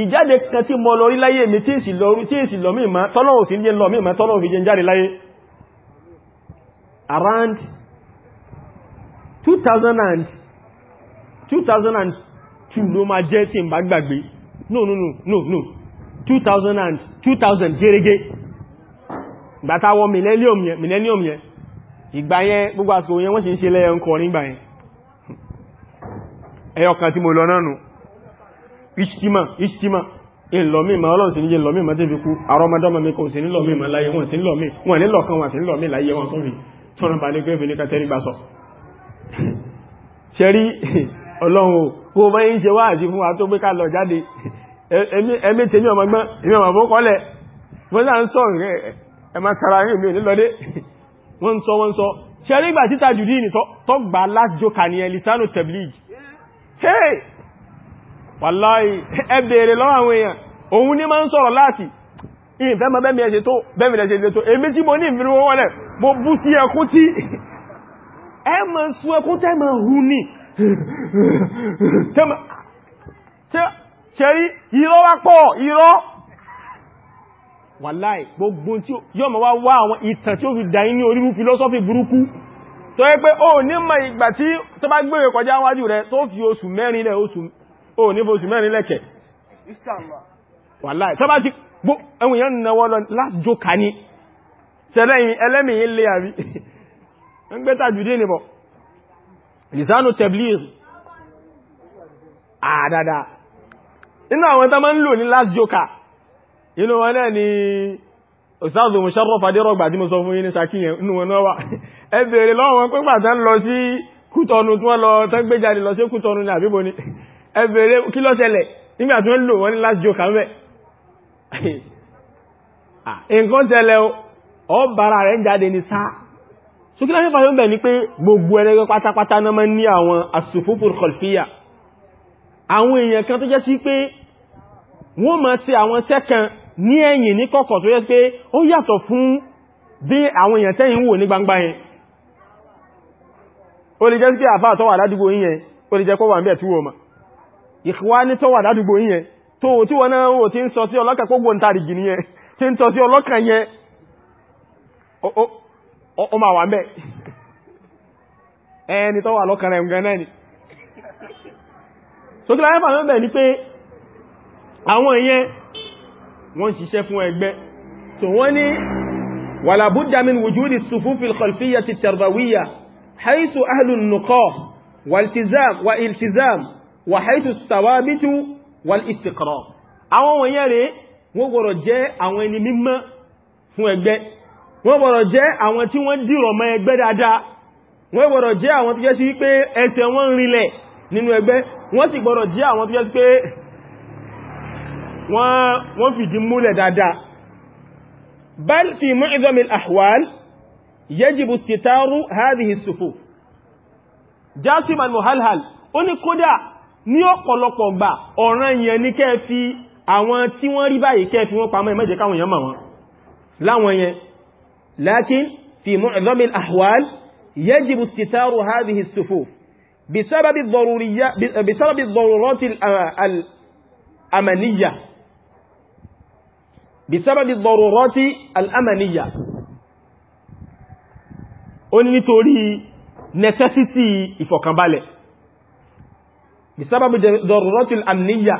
ìjáde kan tí mo lọ rí láyé mi tí èsì lọ mí mọ́ tọ́lọ́wọ́ sí ń around 2000 and 2002 no máa jẹ́ tí n bá gbàgbé no no no no no 2000 and 2000 gẹ́rẹ́gẹ́ ìgbàta wọ millennium yẹn millennium yẹn ìgbà yẹn gbogbo àsìkò yẹn wọ́n sì ń ṣe lẹ́yẹn kọ nígbà yẹn ẹyọ kan tí mo lọ náà nù ìṣkímà ìṣkímà ìlọ́mí ma ọlọ́run sí ní ìlọ́mí ma tẹ́fikú àrọ́mọdọ́mọ mi kò sí nílọ́mí ma láyé wọn sí nílọ́mí wọn nílọ́kan wọn sí nílọ́mí láyé wọn tó rí tọ́nà bà ní kẹfì ní kàtẹ́rí bá sọ ṣẹ́rí ọlọ́run bó bá yí ṣe wá àti fún wa tó gbé ká lọ jáde ẹmí tèmi ọmọ gbọ́n èmi ọmọ fún kọ́lẹ̀ wọ́n sá ń sọ rẹ̀ ẹmọ kara rí mi nílọdé wọ́n sọ wọ́n sọ ṣẹ́rí ìgbà títa jùdí ní tọ́ gbà lájò kàníyàn lisanu tablig hey wàláì ẹ bèèrè lọ́wọ́ àwọn èèyàn òun ní máa ń sọ̀rọ̀ láti ìfẹ́ ma bẹ́mi ẹ̀ṣẹ̀ tó bẹ́mi ẹ̀ṣẹ̀ lè tó èmi tí mo ní ìfìnú wọ́n rẹ̀ mo bú sí ẹkún tí ẹ mọ̀ sún ẹkún tẹ́ mọ̀ hù ní ṣẹ́rí irọ́ wá pọ̀ irọ́ wàláì gbogbo tí yọ́ mọ̀ wá wá àwọn ìtàn tí ó fi dáyín ní orímú filosofi burúkú tó yẹ pé ó ní mọ̀ ìgbà tí tó bá gbé kọjá wájú rẹ̀ tó fi oṣù mẹ́rin lẹ̀ oṣù ó ní oṣù mẹ́rin lẹ̀kẹ̀ wàláì tó bá ẹwùn yẹn náwọ́ lọ last joke ní sẹ́lẹ́yìn ẹlẹ́mìí lè àrí ń gbẹ́ta jùdí nìbọ̀ lisanu tablir àdàdà ah, inú àwọn tó máa ń lò ní last joke inú wọn náà ni Ustaz Musharraf Adérọ̀gbà tí mo sọ fún yín ní sàkíyàn inú wọn náà wà ẹ bèèrè lọ́wọ́ pípà tán lọ sí kútọ̀nù tí wọ́n lọ tán gbé jáde lọ ni ẹ bèèrè kí ló wọ́n lò wọ́n ní last joke àwọn nǹkan tẹ́lẹ̀ ọ bára rẹ̀ jáde ní sáà so kí láfífà yóò bẹ̀ ní pé gbogbo ẹ̀rẹ́gẹ́ pátápátá náà mọ́ ní àwọn asòfófòrò kọlfíyà àwọn èèyàn kan tó jẹ́ sí pé wọ́n máa ṣe àwọn sẹ́kàn ní ẹ̀yìn ní kọ̀kọ̀ tó jẹ́ pé ó yàtọ̀ fún bí àwọn èèyàn tẹ́yìn wò ní gbangba yẹn ó lè jẹ́ sí pé àfáà tó wà ládùúgbò ó lè jẹ́ kó wà tí wọ́n ma ìkwá ní tó wà ládùúgbò tó tí wọ́n náà wò tí ń sọ sí ọlọ́kà kó gbóǹtarì gìní yẹn tí ń sọ sí ọlọ́kà yẹn ó máa wà ń bẹ̀ ẹni tó wà lọ́kà rẹ̀ gan náà ni so kí láyé fàmí bẹ̀ ni pé àwọn èèyàn wọ́n ṣiṣẹ́ fún ẹgbẹ́ so wọ́n ní wàlàbúdà min wujudi sufufil khalfiyyati tarbawiyya وحيث الثوابت wal istiqrar àwọn wọ̀nyẹn rẹ̀ wọ́n gbọ́dọ̀ jẹ́ àwọn ẹni mímọ́ fún ẹgbẹ́ wọ́n gbọ́dọ̀ jẹ́ àwọn tí wọ́n dìrọ̀ mọ́ ẹgbẹ́ dáadáa wọ́n gbọ́dọ̀ jẹ́ àwọn tó jẹ́ sí pé ẹsẹ̀ wọn rinlẹ̀ nínú ẹgbẹ́ wọ́n sì gbọ́dọ̀ jẹ́ àwọn tó jẹ́ sí pé ó ní kódà ní ọ̀pọ̀lọpọ̀ gbà ọ̀ràn yẹn ní kẹ́ fi àwọn tí wọ́n rí báyìí kẹ́ fi wọ́n pamọ́ ẹ̀mẹ́jẹ káwọn èèyàn mọ̀ wọn láwọn yẹn lakin fi mu'dham al-ahwal يجب استتار هذه الصفوف بسبب الضرورية الأمنية بسبب الضرورات الأمنية ó ní nítorí necessity ìfọ̀kànbalẹ̀ bisababu daruratil amniya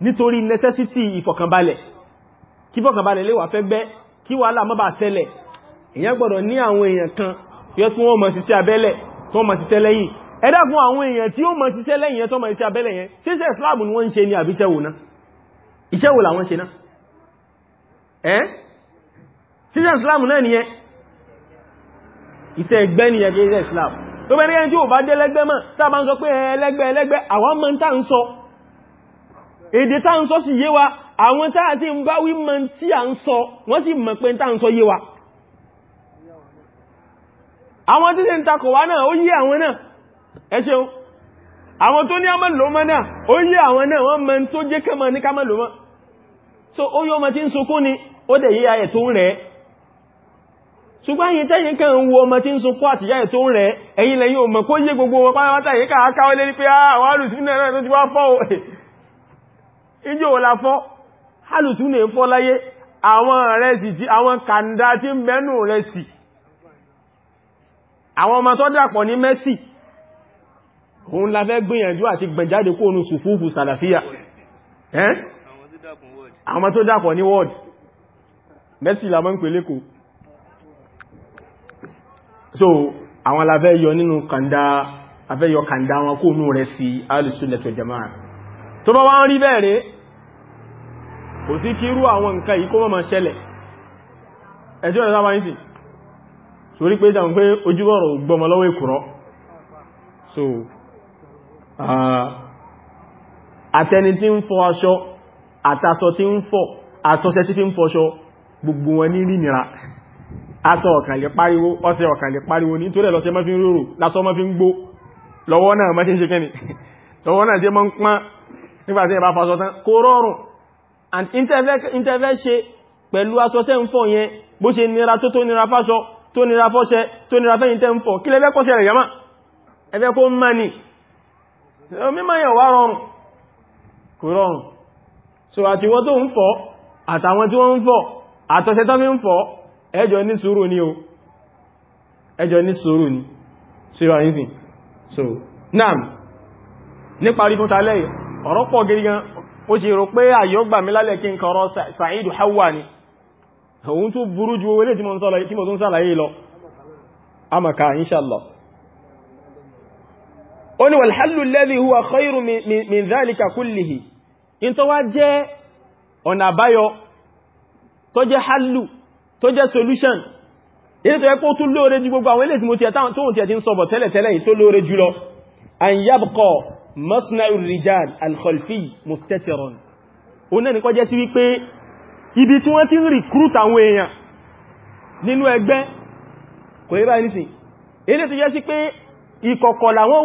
nítorí necessity ìfọ̀kànbalẹ̀ kí fọ̀kànbalẹ̀ lè wà fẹ́ gbẹ́ kí wàhálà má bàá ṣẹlẹ̀ èyàn gbọ́dọ̀ ní àwọn èèyàn kan yọ tí wọ́n mọ̀ sí abẹ́lẹ̀ tó mọ̀ sí lẹ́yìn ẹ̀dàkùn àwọn èèyàn tí ó mọ̀ sí lẹ́yìn yẹn tó mọ̀ sí abẹ́lẹ̀ yẹn ṣíṣẹ́ Islam ni wọ́n ń ṣe ní àbí iṣẹ́ wò náà iṣẹ́ wò làwọn ṣe náà ẹ́ ṣíṣẹ́ Islam náà nìyẹn iṣẹ́ ẹgbẹ́ nìyẹn kí iṣẹ́ Islam tó bẹ́ẹ̀ ní tí ò bá jẹ́ lẹ́gbẹ́ mọ́ tàbá ń sọ pé ẹlẹ́gbẹ́ ẹlẹ́gbẹ́ àwọn mọ́ tá ń sọ èdè tá ń sọ sí yé wa àwọn tá àti ń bá wí mọ́ tí à ń sọ wọ́n sì mọ̀ pé tá ń sọ yé wa àwọn tí ń takọ̀ wá náà ó yé àwọn náà ẹ ṣeun àwọn tó ní àmọ́ lòmọ́ náà ó yé àwọn náà wọ́n mọ́ tó jẹ́ kẹ́mọ́ ní kámọ́ lòmọ́ so ó yọ́ ọmọ tí ń sokún ṣùgbọ́n yìí tẹ́yìn kan ń wo ọmọ tí ń sunkún àtìyá ẹ̀ tó ń rẹ̀ ẹ̀yìn lẹ́yìn ọmọ kó yé gbogbo wọn pátápátá yìí ká káwọ́ lé ní pé ah, àwọn alùsùnà náà tó ti wá fọ́ ìjò wọ́n la fọ́ alùsùnà fọ́ láyé àwọn rẹ̀sì tí àwọn kàndá tí ń bẹ́nu rẹ̀sì àwọn ọmọ tó dàpọ̀ ní mẹ́sì òun la fẹ́ gbìyànjú àti gbẹ̀jáde kó onú sùfúfù sàlàfíà àwọn tó dàpọ̀ ní wọ́ọ̀dì mẹ́sì la mọ́ ń pè lẹ́kọ̀ọ́ so àwọn aláfẹ́ yọ nínú kàndá afẹ́ yọ kàndá wọn kó nú rẹ̀ sí alùsùnlẹ̀ tó jẹmáà tó bá wọ́n rí bẹ́ẹ̀rẹ́ kò sí kí irú àwọn nǹkan yìí kó mọ́ ṣẹlẹ̀ ẹjọ́ rẹ̀ sábà nítì sórí pé jàm pé ojúbọ̀rọ̀ gbọmọ lọ́wọ́ èkùrọ́ so àtẹni tí ń fọ aṣọ àtàṣọ tí ń fọ àtọṣẹ tí fi ń fọṣọ gbogbo wọn ní rí nira aṣọ ọ̀kànlẹ̀ pariwo ọṣẹ ọ̀kànlẹ̀ pariwo nítorí ẹ̀lọ́ṣẹ́ mọ́ fi ń rúrù lásọ mọ́ fi ń gbó lọ́wọ́ náà mọ́ ṣe ń ṣe kẹ́ni lọ́wọ́ náà jẹ́ mọ́ ń pán nígbàtí ẹ̀bá fasọ tán kó rọrùn and intervẹ́ ṣe pẹ̀lú aṣọ tẹ́ ń fọ̀ yẹn bó ṣe nira tó tó nira fásọ tó nira fọ́ṣẹ tó nira fẹ́yìn tẹ́ ń fọ̀ kí lẹ́fẹ́ kọ́ṣẹ́ rẹ̀ yàmá ẹfẹ́ kó mọ́ ni mímọ̀ yẹn wá rọrùn kò rọrùn so àtiwọ́ tó ń fọ̀ àtàwọn tí wọ́n ń fọ̀ àtọ̀ṣẹ́ tó fi ń fọ̀ ẹjọ ní sùúrù ní o ẹjọ ní sùúrù ní síra nísìn so naam nípa rí fún tàlẹ́ ọ̀rọ̀ pọ̀ gẹ́gẹ́ ó ṣe rò pé àyọ́gbà mi lálẹ́ kí n kọ̀rọ̀ Sa'idu Hawa ni òun tó burú ju owó ilé tí mo tún sàlàyé lọ amaka inṣàlá ó ní wàlhálù alladhi huwa khayru min dhalika kullihi in tó wá jẹ́ ọ̀nà àbáyọ tó jẹ́ hálù tó jẹ́ solution ilé tó yẹ kó tún lóore ju gbogbo àwọn ilé tí mo ti ẹ̀tàwọn tó ti ẹ̀ ti ń sọ̀bọ̀ tẹ́lẹ̀tẹ́lẹ̀ yìí tó lóore jùlọ an yabqa masna'u rijal al-khalfi mustatiran o náà ní kó jẹ́ sí wípé ibi tí wọ́n ti ń recruit àwọn èèyàn nínú ẹgbẹ́ kò yẹ báyìí nísìn ilé tó jẹ́ sí pé ìkọ̀kọ̀ làwọn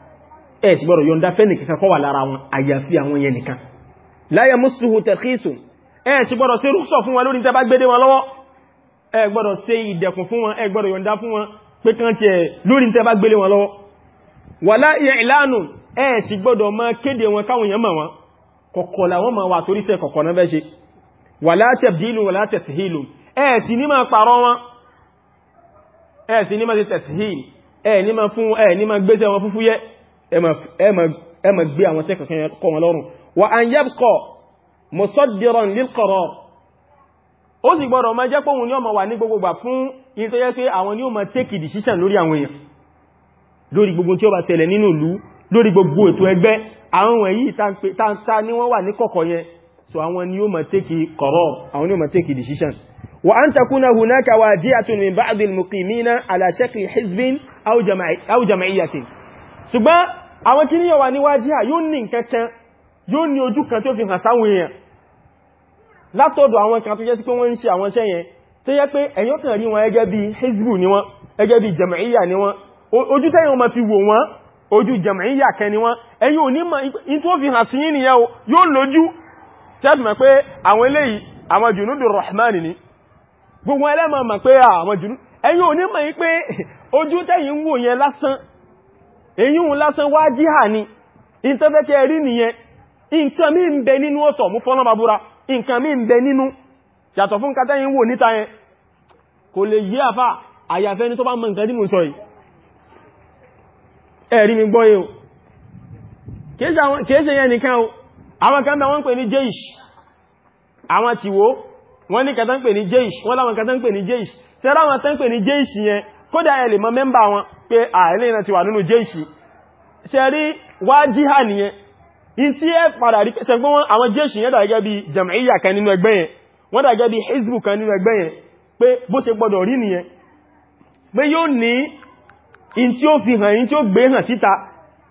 ẹ̀ sì gbọ́dọ̀ yọ̀ǹda fẹ́ nìkan kọ́ wà lára wọn àyàfi àwọn yẹn nìkan láyé mùsùlùmù tẹ̀kísùn ẹ̀ sì gbọ́dọ̀ ṣe rúkṣọ̀ fún wọn lórí tẹ́ bá gbédé wọn lọ́wọ́ ẹ gbọ́dọ̀ ṣe ìdẹ̀kùn fún wọn ẹ gbọ́dọ̀ yọ̀ǹda fún wọn pé kán tiẹ̀ lórí tẹ́ bá gbélé wọn lọ́wọ́ wà láyé ìlànà ẹ sì gbọ́dọ̀ máa kéde wọn káwọn èèyàn mọ̀ wọn kọ̀kọ̀ làwọn máa wà torí sẹ́ kọ̀kọ̀ náà fẹ́ wà láti ẹ̀bdìlù wà ní máa pààrọ̀ wọn ẹ sì ẹ ma gbé àwọn sẹ́kọ̀ kọ́ wọn lọ́rùn wa an yabqa musaddiran lil qarar ó sì gbọ́dọ̀ ma jẹ́ pòun ní ọmọ wà ní gbogbogbà fún in tó yẹ pé àwọn ni ó ma take decision lórí àwọn èèyàn lórí gbogbo tí ó bá ṣẹlẹ̀ nínú ìlú lórí gbogbo ètò ẹgbẹ́ àwọn wọ̀nyí tàǹtà ni wọ́n àwọn kí níyàn wà níwájí à yóò ní nǹkankan yóò ní ojú kan tí ó fi hàn sáwọn èèyàn látọ̀dọ̀ àwọn kan tó jẹ́ sí pé wọ́n ń ṣe àwọn iṣẹ́ tó yẹ pé ẹ̀yàn kan rí wọn gẹ́gẹ́ bí hezbo ni wọ́n gẹ́gẹ́ bí jam'iyya ni wọ́n ojú tẹ́yàn ma fi wò wọ́n ojú jam'iyya kan ni wọ́n ẹ̀yin ò ní mọ̀ in tó fi hàn sí yín nìyẹn yóò lójú tẹ́bì mọ̀ pé àwọn eléyìí àwọn junudu rahman ni gbogbo ẹlẹ́mọ̀ mọ̀ pé ah, àwọn junudu ẹ̀yin ò mọ̀ pé ojú tẹ́yìn wò yẹn lásán èyíhun lásán wá jíhà ni in tó fẹ́ kẹ́ rí nìyẹn nǹkan mí ń bẹ nínú ọ̀tọ̀ mú fọ́nà babúra nǹkan mí ń bẹ nínú yàtọ̀ fún katẹ́yìn wò níta yẹn kò lè yí àfá àyàfẹ́ ní tó bá mọ nǹkan tí mo sọ yìí ẹ̀rí mi gbọ́ o kanda kódà ẹ lè mọ mẹ́mbà wọn pé àìlè náà ti wà nínú jẹ́ṣì ṣe rí wájíhà nìyẹn in tí ẹ padà rí pẹ́sẹ̀ pé wọ́n àwọn jẹ́ṣì yẹn dàgẹ́ bí jam'iyya kan nínú ẹgbẹ́ yẹn wọ́n dàgẹ́ bí hizbu kan nínú ẹgbẹ́ yẹn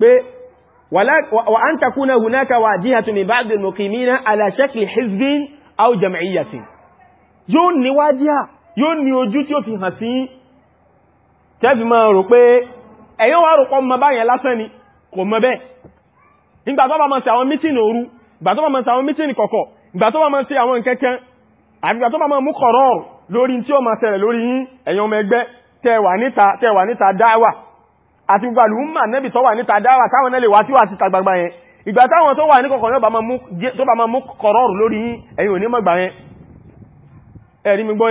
pé bó wa an takuna hunaka wajihatun li ba'd ala shakli hizbin aw jam'iyyatin yóò ní wájíhà yóò ní ojú tí ó fi tẹ́bí máa rò pé ẹ̀yàn wá rò pọ́ mọ báyẹn lásán ni kò mọ bẹ́ẹ̀ ìgbà tó bá máa ṣe àwọn mítìnì òru ìgbà tó bá máa ṣe àwọn mítìnì kọ̀kọ̀ ìgbà tó bá máa ṣe àwọn kẹ́kẹ́ àbí ìgbà tó bá máa mú kọ̀rọ̀ lórí tí ó máa ṣẹlẹ̀ lórí yín ẹ̀yàn ọmọ ẹgbẹ́ tẹ́wà níta tẹ́wà níta dáwà àti gbàlù ń mà nẹ́bì tó wà níta dáwà táwọn náà wá tí wà síta gbagba yẹn ìgbà táwọn tó wà ní kọ̀kọ̀ náà bá máa mú lórí ẹ̀yìn ò ní yẹn ẹ̀rí mi gbọ́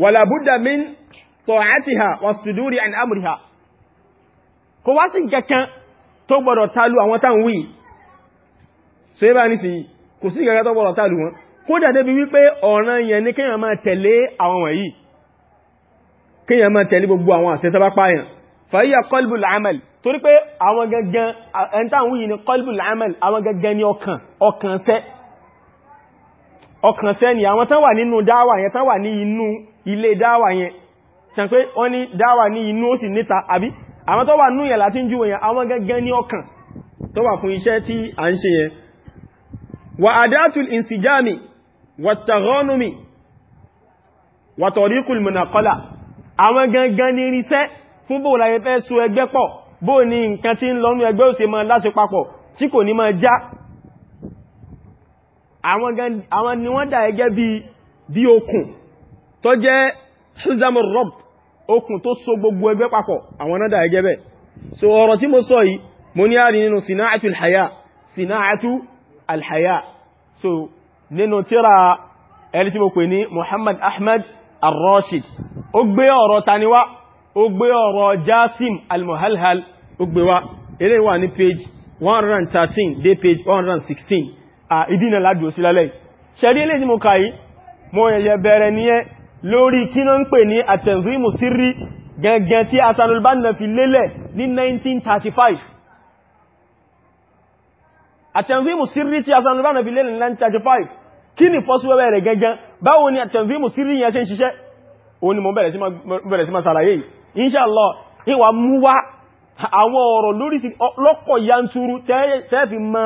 wàlà búdà min tọ̀hátìhà wà sùdúrì àn amúrìhà kò wá sí kankan tó gbọdọ̀ tálù àwọn táwọn wí so yẹ́ bá ní sí kò sí kankan tó gbọdọ̀ tálù wọn kódà débi wípé ọ̀ràn yẹn ní kíyàn máa tẹ̀lé àwọn wọ̀nyí kíyàn máa tẹ̀lé gbogbo àwọn àṣẹ tọ́bá páyàn fàíyà kọlbù làmàl torí pé àwọn gangan ẹntàwù yìí ni kọlbù làmàl àwọn ni àwọn tán wà nínú dáwà yẹn tán wà ní inú ilé dáwà yẹn ṣe pé wọ́n ní dáwà ní inú ó sì níta àbí àwọn tó wà nú yẹn láti ń jú yẹn àwọn gẹ́gẹ́ ní ọkàn tó wà fún iṣẹ́ tí a ń ṣe yẹn wà àdátul ìsìjámi wàtàrọ́nùmí wàtọ̀ríkùl mùnàkọ́là àwọn gẹ́gẹ́ ní irinṣẹ́ fún bó láyé fẹ́ so ẹgbẹ́ ni wọ́n dà ẹgẹ́ bí okùn tó jẹ́ ṣúzámù rọ́b okùn tó so gbogbo ẹgbẹ́ papọ̀ àwọn náà dàí gẹ́bẹ̀ so ọ̀rọ̀ tí mo sọ yìí mo ní àrí nínú sináàtù alhaya sináàtù alhaya so nínú tíra ẹni tí mo pè ní Muhammad Ahmad al-Rashid ó gbé ọ̀rọ̀ taniwa ó gbé ọ̀rọ̀ Jasim al-Muhalhal ó gbé wa ilé wà ní page 113 dé page 116 à ìdínà ládùú sí lálẹ́ ṣẹ̀rí ilé tí mo kà yìí mo yẹ̀yẹ̀ bẹ̀rẹ̀ níyẹn lórí kí náà ń pè ní àtẹ̀zímù sírí gẹ̀gẹ̀ tí asanulbanna fi lélẹ̀ ní 1935 àtẹ̀zímù sírí tí asanulbanna fi lélẹ̀ ní 1935 kí ni fọ́síwẹ́wẹ́ rẹ̀ gẹ́gẹ́ báwo ni àtẹ̀zímù sírí yẹn ṣe ń ṣiṣẹ́ òun ni mo bẹ̀rẹ̀ sí ma sàlàyé yìí inṣàlọ́ ìwà mú wá àwọn ọ̀rọ̀ lórí lọ́pọ̀ yanturu tẹ́ẹ̀fì mọ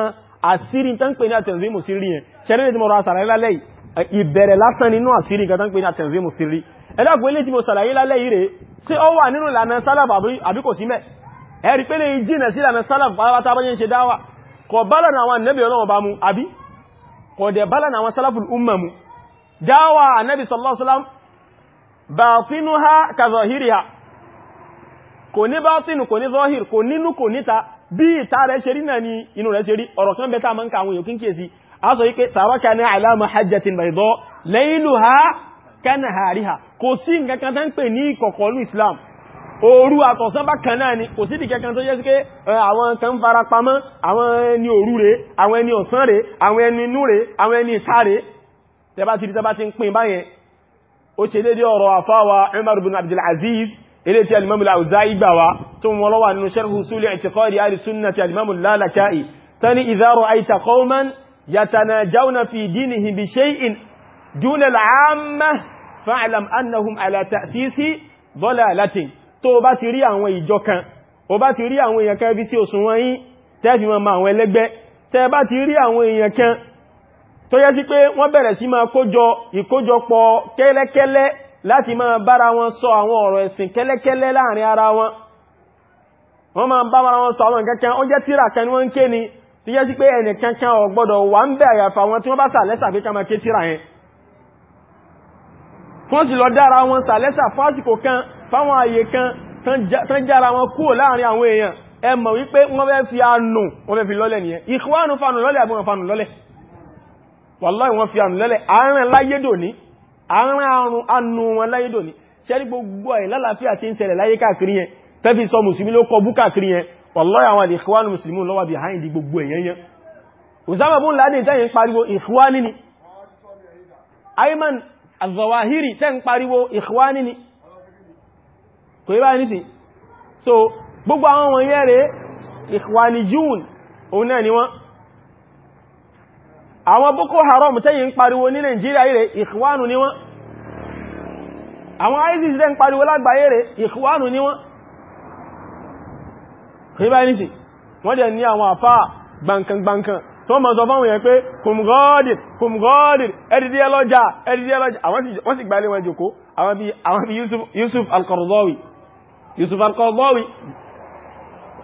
àsírí tán pè ní àtẹ̀zímù sírí yẹn ṣẹ́rẹ́ ìbẹ̀rẹ̀ lásán nínú àṣírí nǹkan tán pé ní àtẹ̀wémù sírí ẹ̀dàgbé lè tí mo sàlàyé lálẹ́ ìrẹ́ ṣé ó wà nínú ìlànà sálàf àbí kò sí mẹ́ ẹ̀rí pé lè jìnà sí ìlànà sálàf pátápátá bá ń ṣe dáwà kò bálànà àwọn ànábì ọlọ́wọ́ bá mu àbí kò dẹ̀ bálànà àwọn sálàfùl umma mu dáwà ànábì sallallahu alaihi wasallam batinuha ka zahiriha kò ní bátínù kò ní zahir kò nínú kò níta bí a sọ wípé tàbákà ní àìlàmà hajjatin baydọ́ layluha kanahariha kò sí nǹkan kan tó ń pè ní ìkọ̀kọ̀lú islam òru àtọ̀sán bákan náà ni kò sí ìkẹ́kan tó jẹ́ sí pé àwọn kan fara pamọ́ àwọn ẹni òru rẹ̀ àwọn ẹni ọ̀sán rẹ̀ àwọn ẹni inú rẹ̀ àwọn ẹni ìta rẹ̀ tẹbá ti rí tẹbá ti ń pín báyẹn ó ṣe dédé ọ̀rọ̀ àfáwà Umar ibn Abdul Aziz ilé tí alimamu al-Awza'i gbà tó mú wọ́lọ́wà nínú sharh usuli i'tiqadi ahli sunnati alimamu al-Lalaka'i tani idha ra'ayta qawman يتناجون في دينهم بشيء دون العامة فاعلم أنهم على تأسيس ضلالة tó bá ti rí àwọn ìjọ kan o bá ti rí àwọn èèyàn kan bí sí òsùn wọn yí tẹ́fì mọ́ àwọn ẹlẹ́gbẹ́ tẹ́ bá ti rí àwọn èèyàn kan tó yẹ sí pé wọ́n bẹ̀rẹ̀ sí máa kójọ ìkójọpọ̀ kẹ́lẹ́kẹ́lẹ́ láti máa bára wọn sọ àwọn ọ̀rọ̀ ẹ̀sìn kẹ́lẹ́kẹ́lẹ́ láàrin ara wọn wọ́n máa bá wọn sọ àwọn nǹkan ó jẹ́ tíra kan ni wọ́n ń ké ni tí yẹ́ sí pé ẹnì kankan ò gbọ́dọ̀ wà ń bẹ̀ àyàfà wọn tí wọ́n bá sàlẹ́sà pé ká máa ké tíra yẹn wọ́n sì lọ dára wọn sàlẹ́sà fásìkò kan fáwọn àyè kan tán jára wọn kúrò láàrin àwọn èèyàn ẹ mọ̀ wípé wọ́n fẹ́ fi àánú wọ́n fẹ́ fi lọ́lẹ̀ nìyẹn ìkọ́wánu fanù lọ́lẹ̀ àbí wọn fanù lọ́lẹ̀ wàláì wọ́n fi àánú lọ́lẹ̀ àárín láyédòní àárín àánú wọn láyédòní ṣẹ́rí gbogbo ẹ̀ lálàáfíà ti ń ṣẹlẹ̀ láyé káàkiri yẹn tẹ́fi sọ mùsùlùmí ló kọ bú káàkiri yẹn wallahi àwọn Ikhwanul Muslimun lọ́wà behind gbogbo èyàn yẹn Usama bin Laden tẹ́yìn pariwo Ikhwani ni Ayman al-Zawahiri tẹ́yìn pariwo Ikhwani ni kò yí báyìí nìsí so gbogbo àwọn wọn yẹ́ rẹ̀ Ikhwaniyun òun náà ni wọ́n àwọn Boko Haram tẹ́yìn pariwo ní Nàìjíríà rẹ̀ Ikhwanu ni wọ́n àwọn ISIS tẹ́yìn pariwo lágbàáyé rẹ̀ Ikhwanu ni wọ́n kí bá nìsí wọ́n dẹ̀ ní àwọn àfá gbankan-gbankan tó mọ̀ sọ fáwọn yẹn pé kùmgọ́dìr kùmgọ́dìr ẹ̀dìdí ẹlọ́jà ẹ̀dìdí ẹlọ́jà wọ́n sì gbalé wọn jòkó àwọn bí Yusuf al-Qaradawi Yusuf al-Qaradawi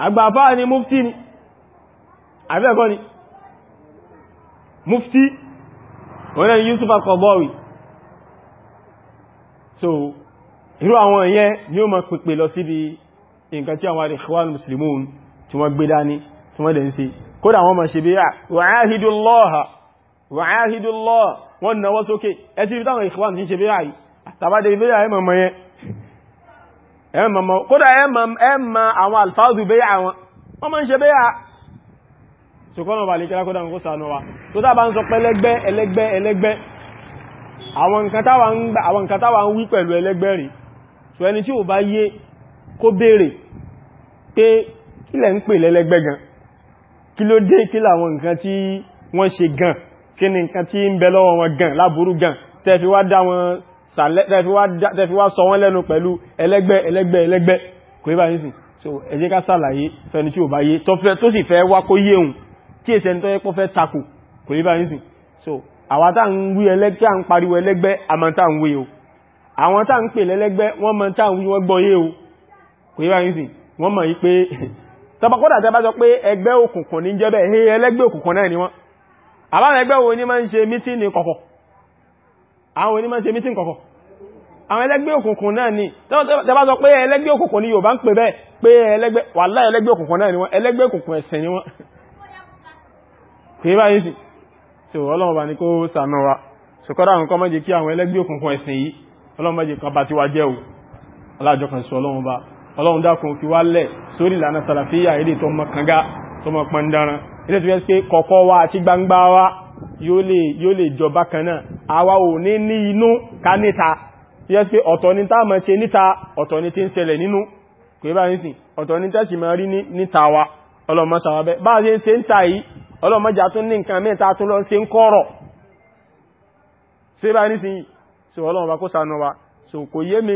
àgbàfá ni mufti ni àbẹ́ẹ̀kọ́ ni mufti wọ́n ni Yusuf al-Qaradawi so irú àwọn ìyẹn ni ó mọ̀ pèpè lọ síbi nǹkan tí àwọn Ikhwan Muslimun tí wọ́n gbé dání tí wọ́n dẹ̀ ń ṣe kódà wọ́n ma ṣe bí ah, wa'ahidullaha wa'ahidullah wọ́n náwó sókè ẹ ti rí táwọn Ikhwan ti ṣe bí ráyì tàbádé bí ráyì mọ̀mọ̀ yẹn kódà ẹ ma àwọn alfáàzù bí àwọn wọ́n ma ń ṣe bí à ṣùkọ́nà bà lè kẹ́lá kódà kó sànú wa tó dábà àwọn nǹkan táwa ń wí pẹ̀lú ẹlẹ́gbẹ́ rí tí ò bá yé kó béèrè pé kí lẹ ń pè lẹ́lẹ́gbẹ́ gan kí ló dé kí làwọn nǹkan tí wọ́n ṣe gan kí ni nǹkan tí ń bẹ lọ́wọ́ wọn gan láburú gan tẹ́fi wá dá wọn sàlẹ̀ tẹ́fi wá sọ wọ́n lẹ́nu pẹ̀lú ẹlẹ́gbẹ́ ẹlẹ́gbẹ́ ẹlẹ́gbẹ́ kò yí bá yín sìn so ẹ jẹ́ ká sàlàyé fẹni tí ò bá yé tó sì fẹ́ wá kó yé òun tí èsẹ̀ tó yẹ pọ́ fẹ́ takò kò yí bá yín sìn so àwa tá ń wí ẹlẹ́gbẹ́ à ń pariwo ẹlẹ́gbẹ́ àmọ́ tá ń wí o àwọn tá ń pè lẹ́lẹ́gbẹ́ wọ́n mọ tá ń wí wọ́n gbọ́ yé o kò yí bá yín wọ́n mọ̀ yí pé tọpakọ́dà tẹ́ bá sọ pé ẹgbẹ́ òkùnkùn ní jẹ́bẹ̀ ẹ̀ ẹlẹ́gbẹ́ òkùnkùn náà ni wọ́n àbáwọn ẹgbẹ́ wo ní máa ń ṣe mítíìnì kọ̀kọ̀ àwọn onímọ̀ ṣe mítíìnì kọ̀kọ̀ àwọn ẹlẹ́gbẹ́ òkùnkùn náà ni tẹ́ bá sọ pé ẹlẹ́gbẹ́ òkùnkùn ni Yorùbá ń pè bẹ́ẹ̀ pé ẹlẹ́gbẹ́ wàláhì ẹlẹ́gbẹ́ òkùnkùn náà ni wọ́n ẹlẹ́gbẹ́ òkùnkùn ẹ̀sìn ni wọ́n pé báyìí sì so Ọlọ́run bá ní kó ṣàánú wa so kọ́dà àwọn kọ́mọ́jì kí àwọn ẹlẹ́gbẹ́ òkùnkùn ẹ̀sìn yìí Ọlọ́run bá jẹ́ kan bá ti wá jẹ́ o alájọ kan sọ Ọlọ́run bá ọlọ́run dákun fi wá lẹ̀ sórí ìlànà sàlàfíà ilé tó mọ kanga tó mọ pandaran ilé tó fẹ́ pé kọ̀kọ́ wa àti gbangba wa yóò lè yóò lè jọba kan náà àwa ò ní ní inú ká níta tó fẹ́ pé ọ̀tọ̀ ni tá mọ̀ ṣe níta ọ̀tọ̀ ni tí ń ṣẹlẹ̀ nínú kò yẹ bá ń sìn ọ̀tọ̀ ni tẹ́sì wa ọlọ́mọ sàwọn kò yé mi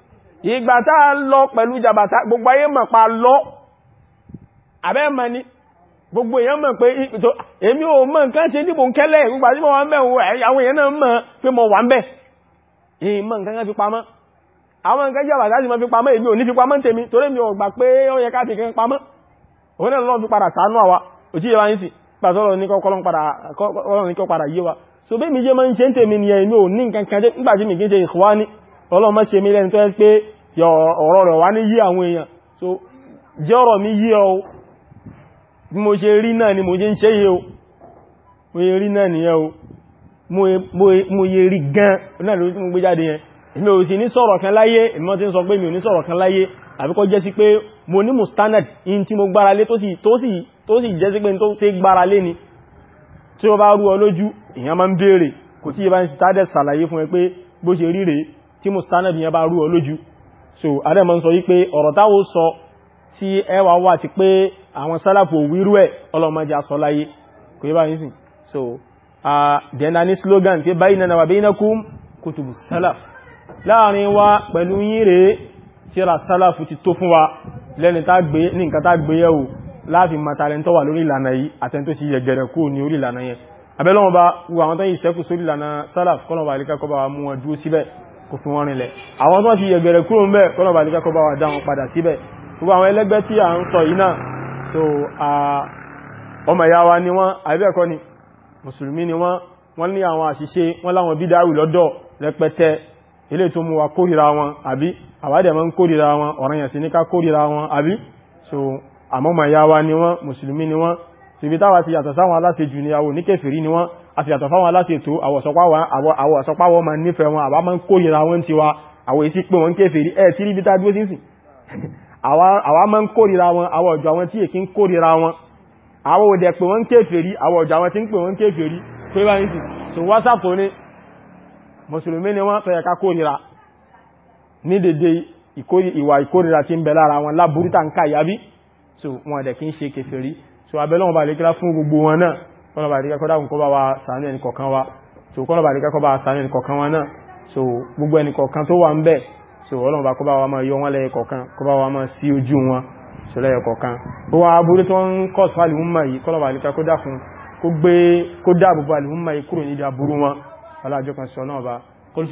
ìgbà tá a lọ pẹ̀lú jàbàtà gbogbo ayé mọ̀ pa lọ abẹ́ mọ̀ ni gbogbo èèyàn mọ̀ pé èmi ò mọ̀ nǹkan ṣe níbò ń gbogbo àti mọ̀ wà ń bẹ̀ àwọn èèyàn náà mọ̀ pé mo wà ń bẹ̀ èèyàn mọ̀ nǹkan fi pamọ́ àwọn nǹkan jàbàtà sì mọ̀ fi pamọ́ èmi ò ní fi pamọ́ ọlọ́mọ ṣe mílẹ̀ tó ẹ́ pé ọ̀rọ̀ rẹ̀ wá ní yí àwọn èèyàn so jẹ́ ọ̀rọ̀ mi yí ọ bí mo ṣe rí náà ni mo jẹ́ ń ṣe yí o mo yẹ rí náà nìyẹn o mo yẹ rí gan náà lórí tí mo gbé jáde yẹn èmi ò sì ní sọ̀rọ̀ kan láyé èmi mọ́ ti ń sọ pé mi ò sọ̀rọ̀ kan láyé àbíkọ́ jẹ́ sí pé mo ní mo standard in tí mo gbára tó sì jẹ́ sí pé tó ṣe gbára ni tí ó bá rú ọ lójú èèyàn máa ń béèrè kò tí ìbá ń sì tádẹ̀ sàlàyé fún ẹ pé bó ṣe rí rèé tí mustanab yẹn bá rú ọ lójú so adẹ́mọ̀ sọ wípé ọ̀rọ̀ táwo sọ tí ẹwà wà ti pé àwọn sálàpù wírú ẹ̀ ọlọ́mọjà sọ láyé kò yẹ báyìí sìn so dẹ̀ndà ní slogan pé bainana wa bainakum kutubu sálàf láàrin wa pẹ̀lú yín rèé tíra sálàfù ti tó fún wa lẹ́ni tá gbé ní nǹkan tá gbé yẹ̀wò láàfin matalẹ́ntọ́ wà lórí ìlànà yìí àtẹ́ntó sí yẹ̀gẹ̀rẹ̀ kú ní bá wo tó yìí sẹ́kù sórí ìlànà sálàfù kọ́nà wà àríkà kọ́ bá wa mú wọn síbẹ̀ kò fi wọ́n rinlẹ̀ àwọn tó ti yẹ̀gẹ̀rẹ̀ kúrò ń bẹ̀ kọ́nà bàlíkà kọ́ bá wà dáhùn padà síbẹ̀ gbogbo àwọn ẹlẹ́gbẹ́ tí à ń sọ yìí tó ọmọ ìyá wa ni wọ́n àbẹ́ẹ̀kọ́ ni mùsùlùmí ni wọ́n wọ́n ní àwọn àṣìṣe wọ́n láwọn bídáwì so àmọ́ ọmọ ìyá wa ni wọ́n mùsùlùmí ni wọ́n ibi ni àwọn oníkèfèrí a sì yàtọ̀ fáwọn aláṣètò àwọ̀ àsọpáwọ̀ ma nífẹ̀ẹ́ wọn àwa máa ń kórìíra wọn ti wa àwọ̀ èsì pé wọ́n kéfèrí ẹ̀ tí ríbi tàbí òsìsì àwa máa ń kórìíra wọn àwọ̀ ọ̀jọ̀ àwọn tí èkí ń kórìíra wọn àwọ̀ òdẹ̀ pé wọ́n kéfèrí àwọ̀ ọ̀jọ̀ àwọn tí ń pè wọ́n kéfèrí pé bá ń sì so whatsapp ní ni wọ́n tọ́yẹ ká kórìíra ní dédé ìwà ìkórìíra tí ń bẹ lára wọn láburúta ń ká ìyábí so wọn ọ̀dẹ̀ kọ́lọ̀bà àríkà kọ́dá kọ́ bá wa sàánú ẹni kọ̀kan wa so kọ́lọ̀bà àríkà kọ́ bá wa sàánú ẹni kọ̀kan wa náà so gbogbo ẹni kọ̀kan tó wà ń bẹ̀ so ọlọ́mọba kọ́ bá wa máa yọ wọn lẹ́yẹ kọ̀kan kọ́ bá wa máa sí ojú wọn so lẹ́yẹ kọ̀kan ó wá aburú tó ń kọ́ sọ àlùmọ́ yìí kọ́lọ̀bà àríkà kó dákun kó gbé kó dáàbò bo àlùmọ́ yìí kúrò nídìí aburú wọn alájọ kan sọ náà bá قلت